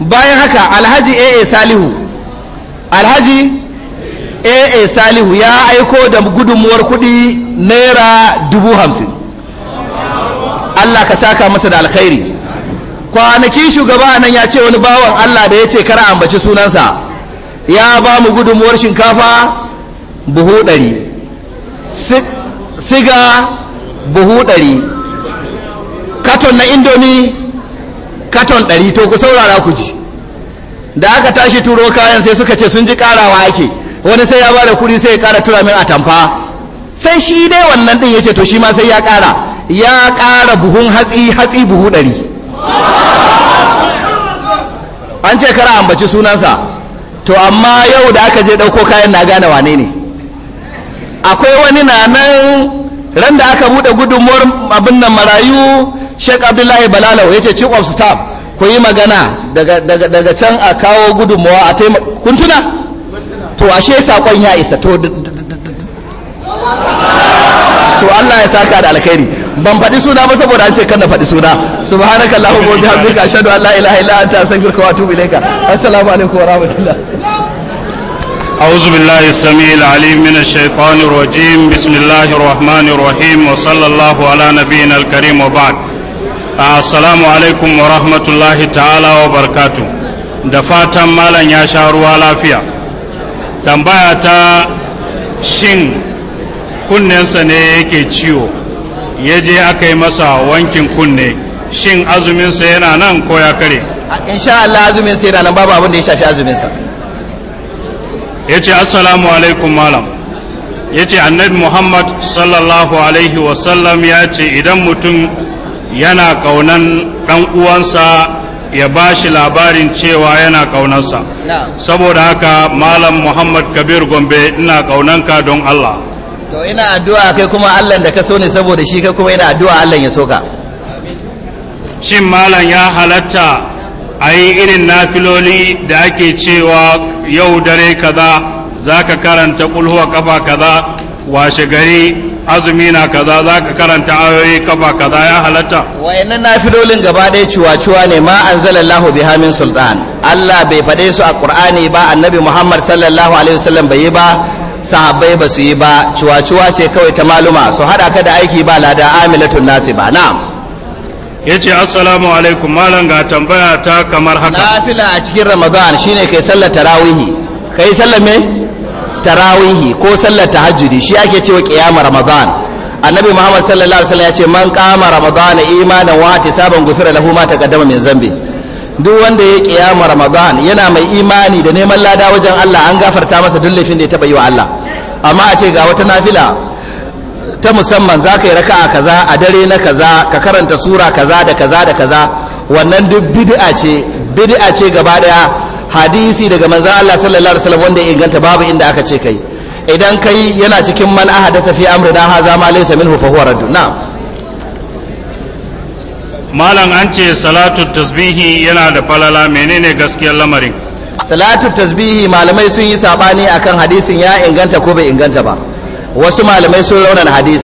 bayan haka alhaji AA Salihu alhaji AA Salihu ya aiko da gudunmuwar kudi naira dubu hamsin Allah ka saka masa da alkhairi kwanaki shugaba nan ya ce wani bawan Allah da ya ce kara ambaci sunansa ya ba mu gudunmuwar shinkafa buhu ɗari siga buhu ɗari katon na indomi katon ɗari to ku saurara ku ji da aka tashi turo kayan sai suka ce sun ji karawa ake wani sai ya bada kuɗi sai ya kara tura min a tamfa sai shi dai wannan din ya ce to shi ma sai ya kara ya kara buhun hatsi hatsi buhu ɗari an ce kara ambaci sunansa to amma yau da aka je ɗauko kayan na gane wane ne akwai wani na nan ran da aka buɗe gudunmuwar abin nan marayu sheik abdullahi balalau ya ce chief of staff ku yi magana daga can a kawo gudunmawa a taimaka kuntuna to ashe sakon ya isa to to Allah ya saka da alkhairi ban faɗi suna ba saboda an ce kan na faɗi suna subhanaka allahumma wa bihamdika ashhadu an la ilaha illa anta astaghfiruka wa atubu ilayka assalamu alaikum wa rahmatullah أعوذ بالله السميع العليم من الشيطان الرجيم بسم الله الرحمن الرحيم وصلى الله على نبينا الكريم وبعد assalamu alaikum wa rahmatullahi ta'ala wa barkatu da fatan malam ya sha ruwa lafiya tambaya ta shin kunnensa ne yake ciwo ya je aka yi masa wankin kunne shin azuminsa yana nan ko ya kare insha Allah azuminsa yana nan babu abin da ya shafi azuminsa ya ce assalamu alaikum malam ya ce annabi muhammad sallallahu alaihi wasallam ya ce idan mutum yana kaunan ɗan uwansa ya ba shi labarin cewa yana kaunansa saboda haka malam muhammad kabir gombe ina kaunanka don allah to ina addu'a kai kuma allah da ka so ne saboda shi kai kuma ina addu'a allah ya soka shin malam ya halatta a yi irin nafiloli da ake cewa yau dare kaza za ka karanta kulhuwa kafa kaza washe gari azumi na kaza za ka karanta ayoyi kafa kaza ya halatta wayannan nafilolin gaba ɗaya ciwa ne ma anzalallahu biha min sultan Allah bai faɗe su a Kur'ani ba annabi Muhammad sallallahu alaihi wasallam bai yi ba sahabbai ba su yi ba ciwa ce kawai ta maluma su haɗa ka da aiki ba lada amilatun nasi ba na'am ya ce assalamu alaikum malam ga tambaya ta kamar haka nafila a cikin ramadan shine kai sallar tarawihi kai sallar me tarawihi ko sallar tahajjudi shi ake cewa qiyam ramadan annabi muhammad sallallahu alaihi wasallam ya ce man qama ramadan imanan wa tisaban gufira lahu ma taqaddama min zambi duk wanda ya qiyam ramadan yana mai imani da neman lada wajen Allah an gafarta masa duk laifin da ya taba yi wa Allah amma a ce ga wata nafila ta musamman za ka yi raka'a kaza a dare na kaza ka karanta sura kaza da kaza da kaza wannan duk bid'a ce bid'a ce gaba daya hadisi daga manzan Allah sallallahu alaihi wasallam wanda ya inganta babu inda aka ce kai idan kai yana cikin man safi fi amrina haza ma laysa minhu fa huwa raddu na'am malam an ce salatu tasbihi yana da falala menene gaskiyar lamarin salatu tasbihi malamai sun yi sabani akan hadisin ya inganta ko bai inganta ba wasu malamai sun raunana hadisi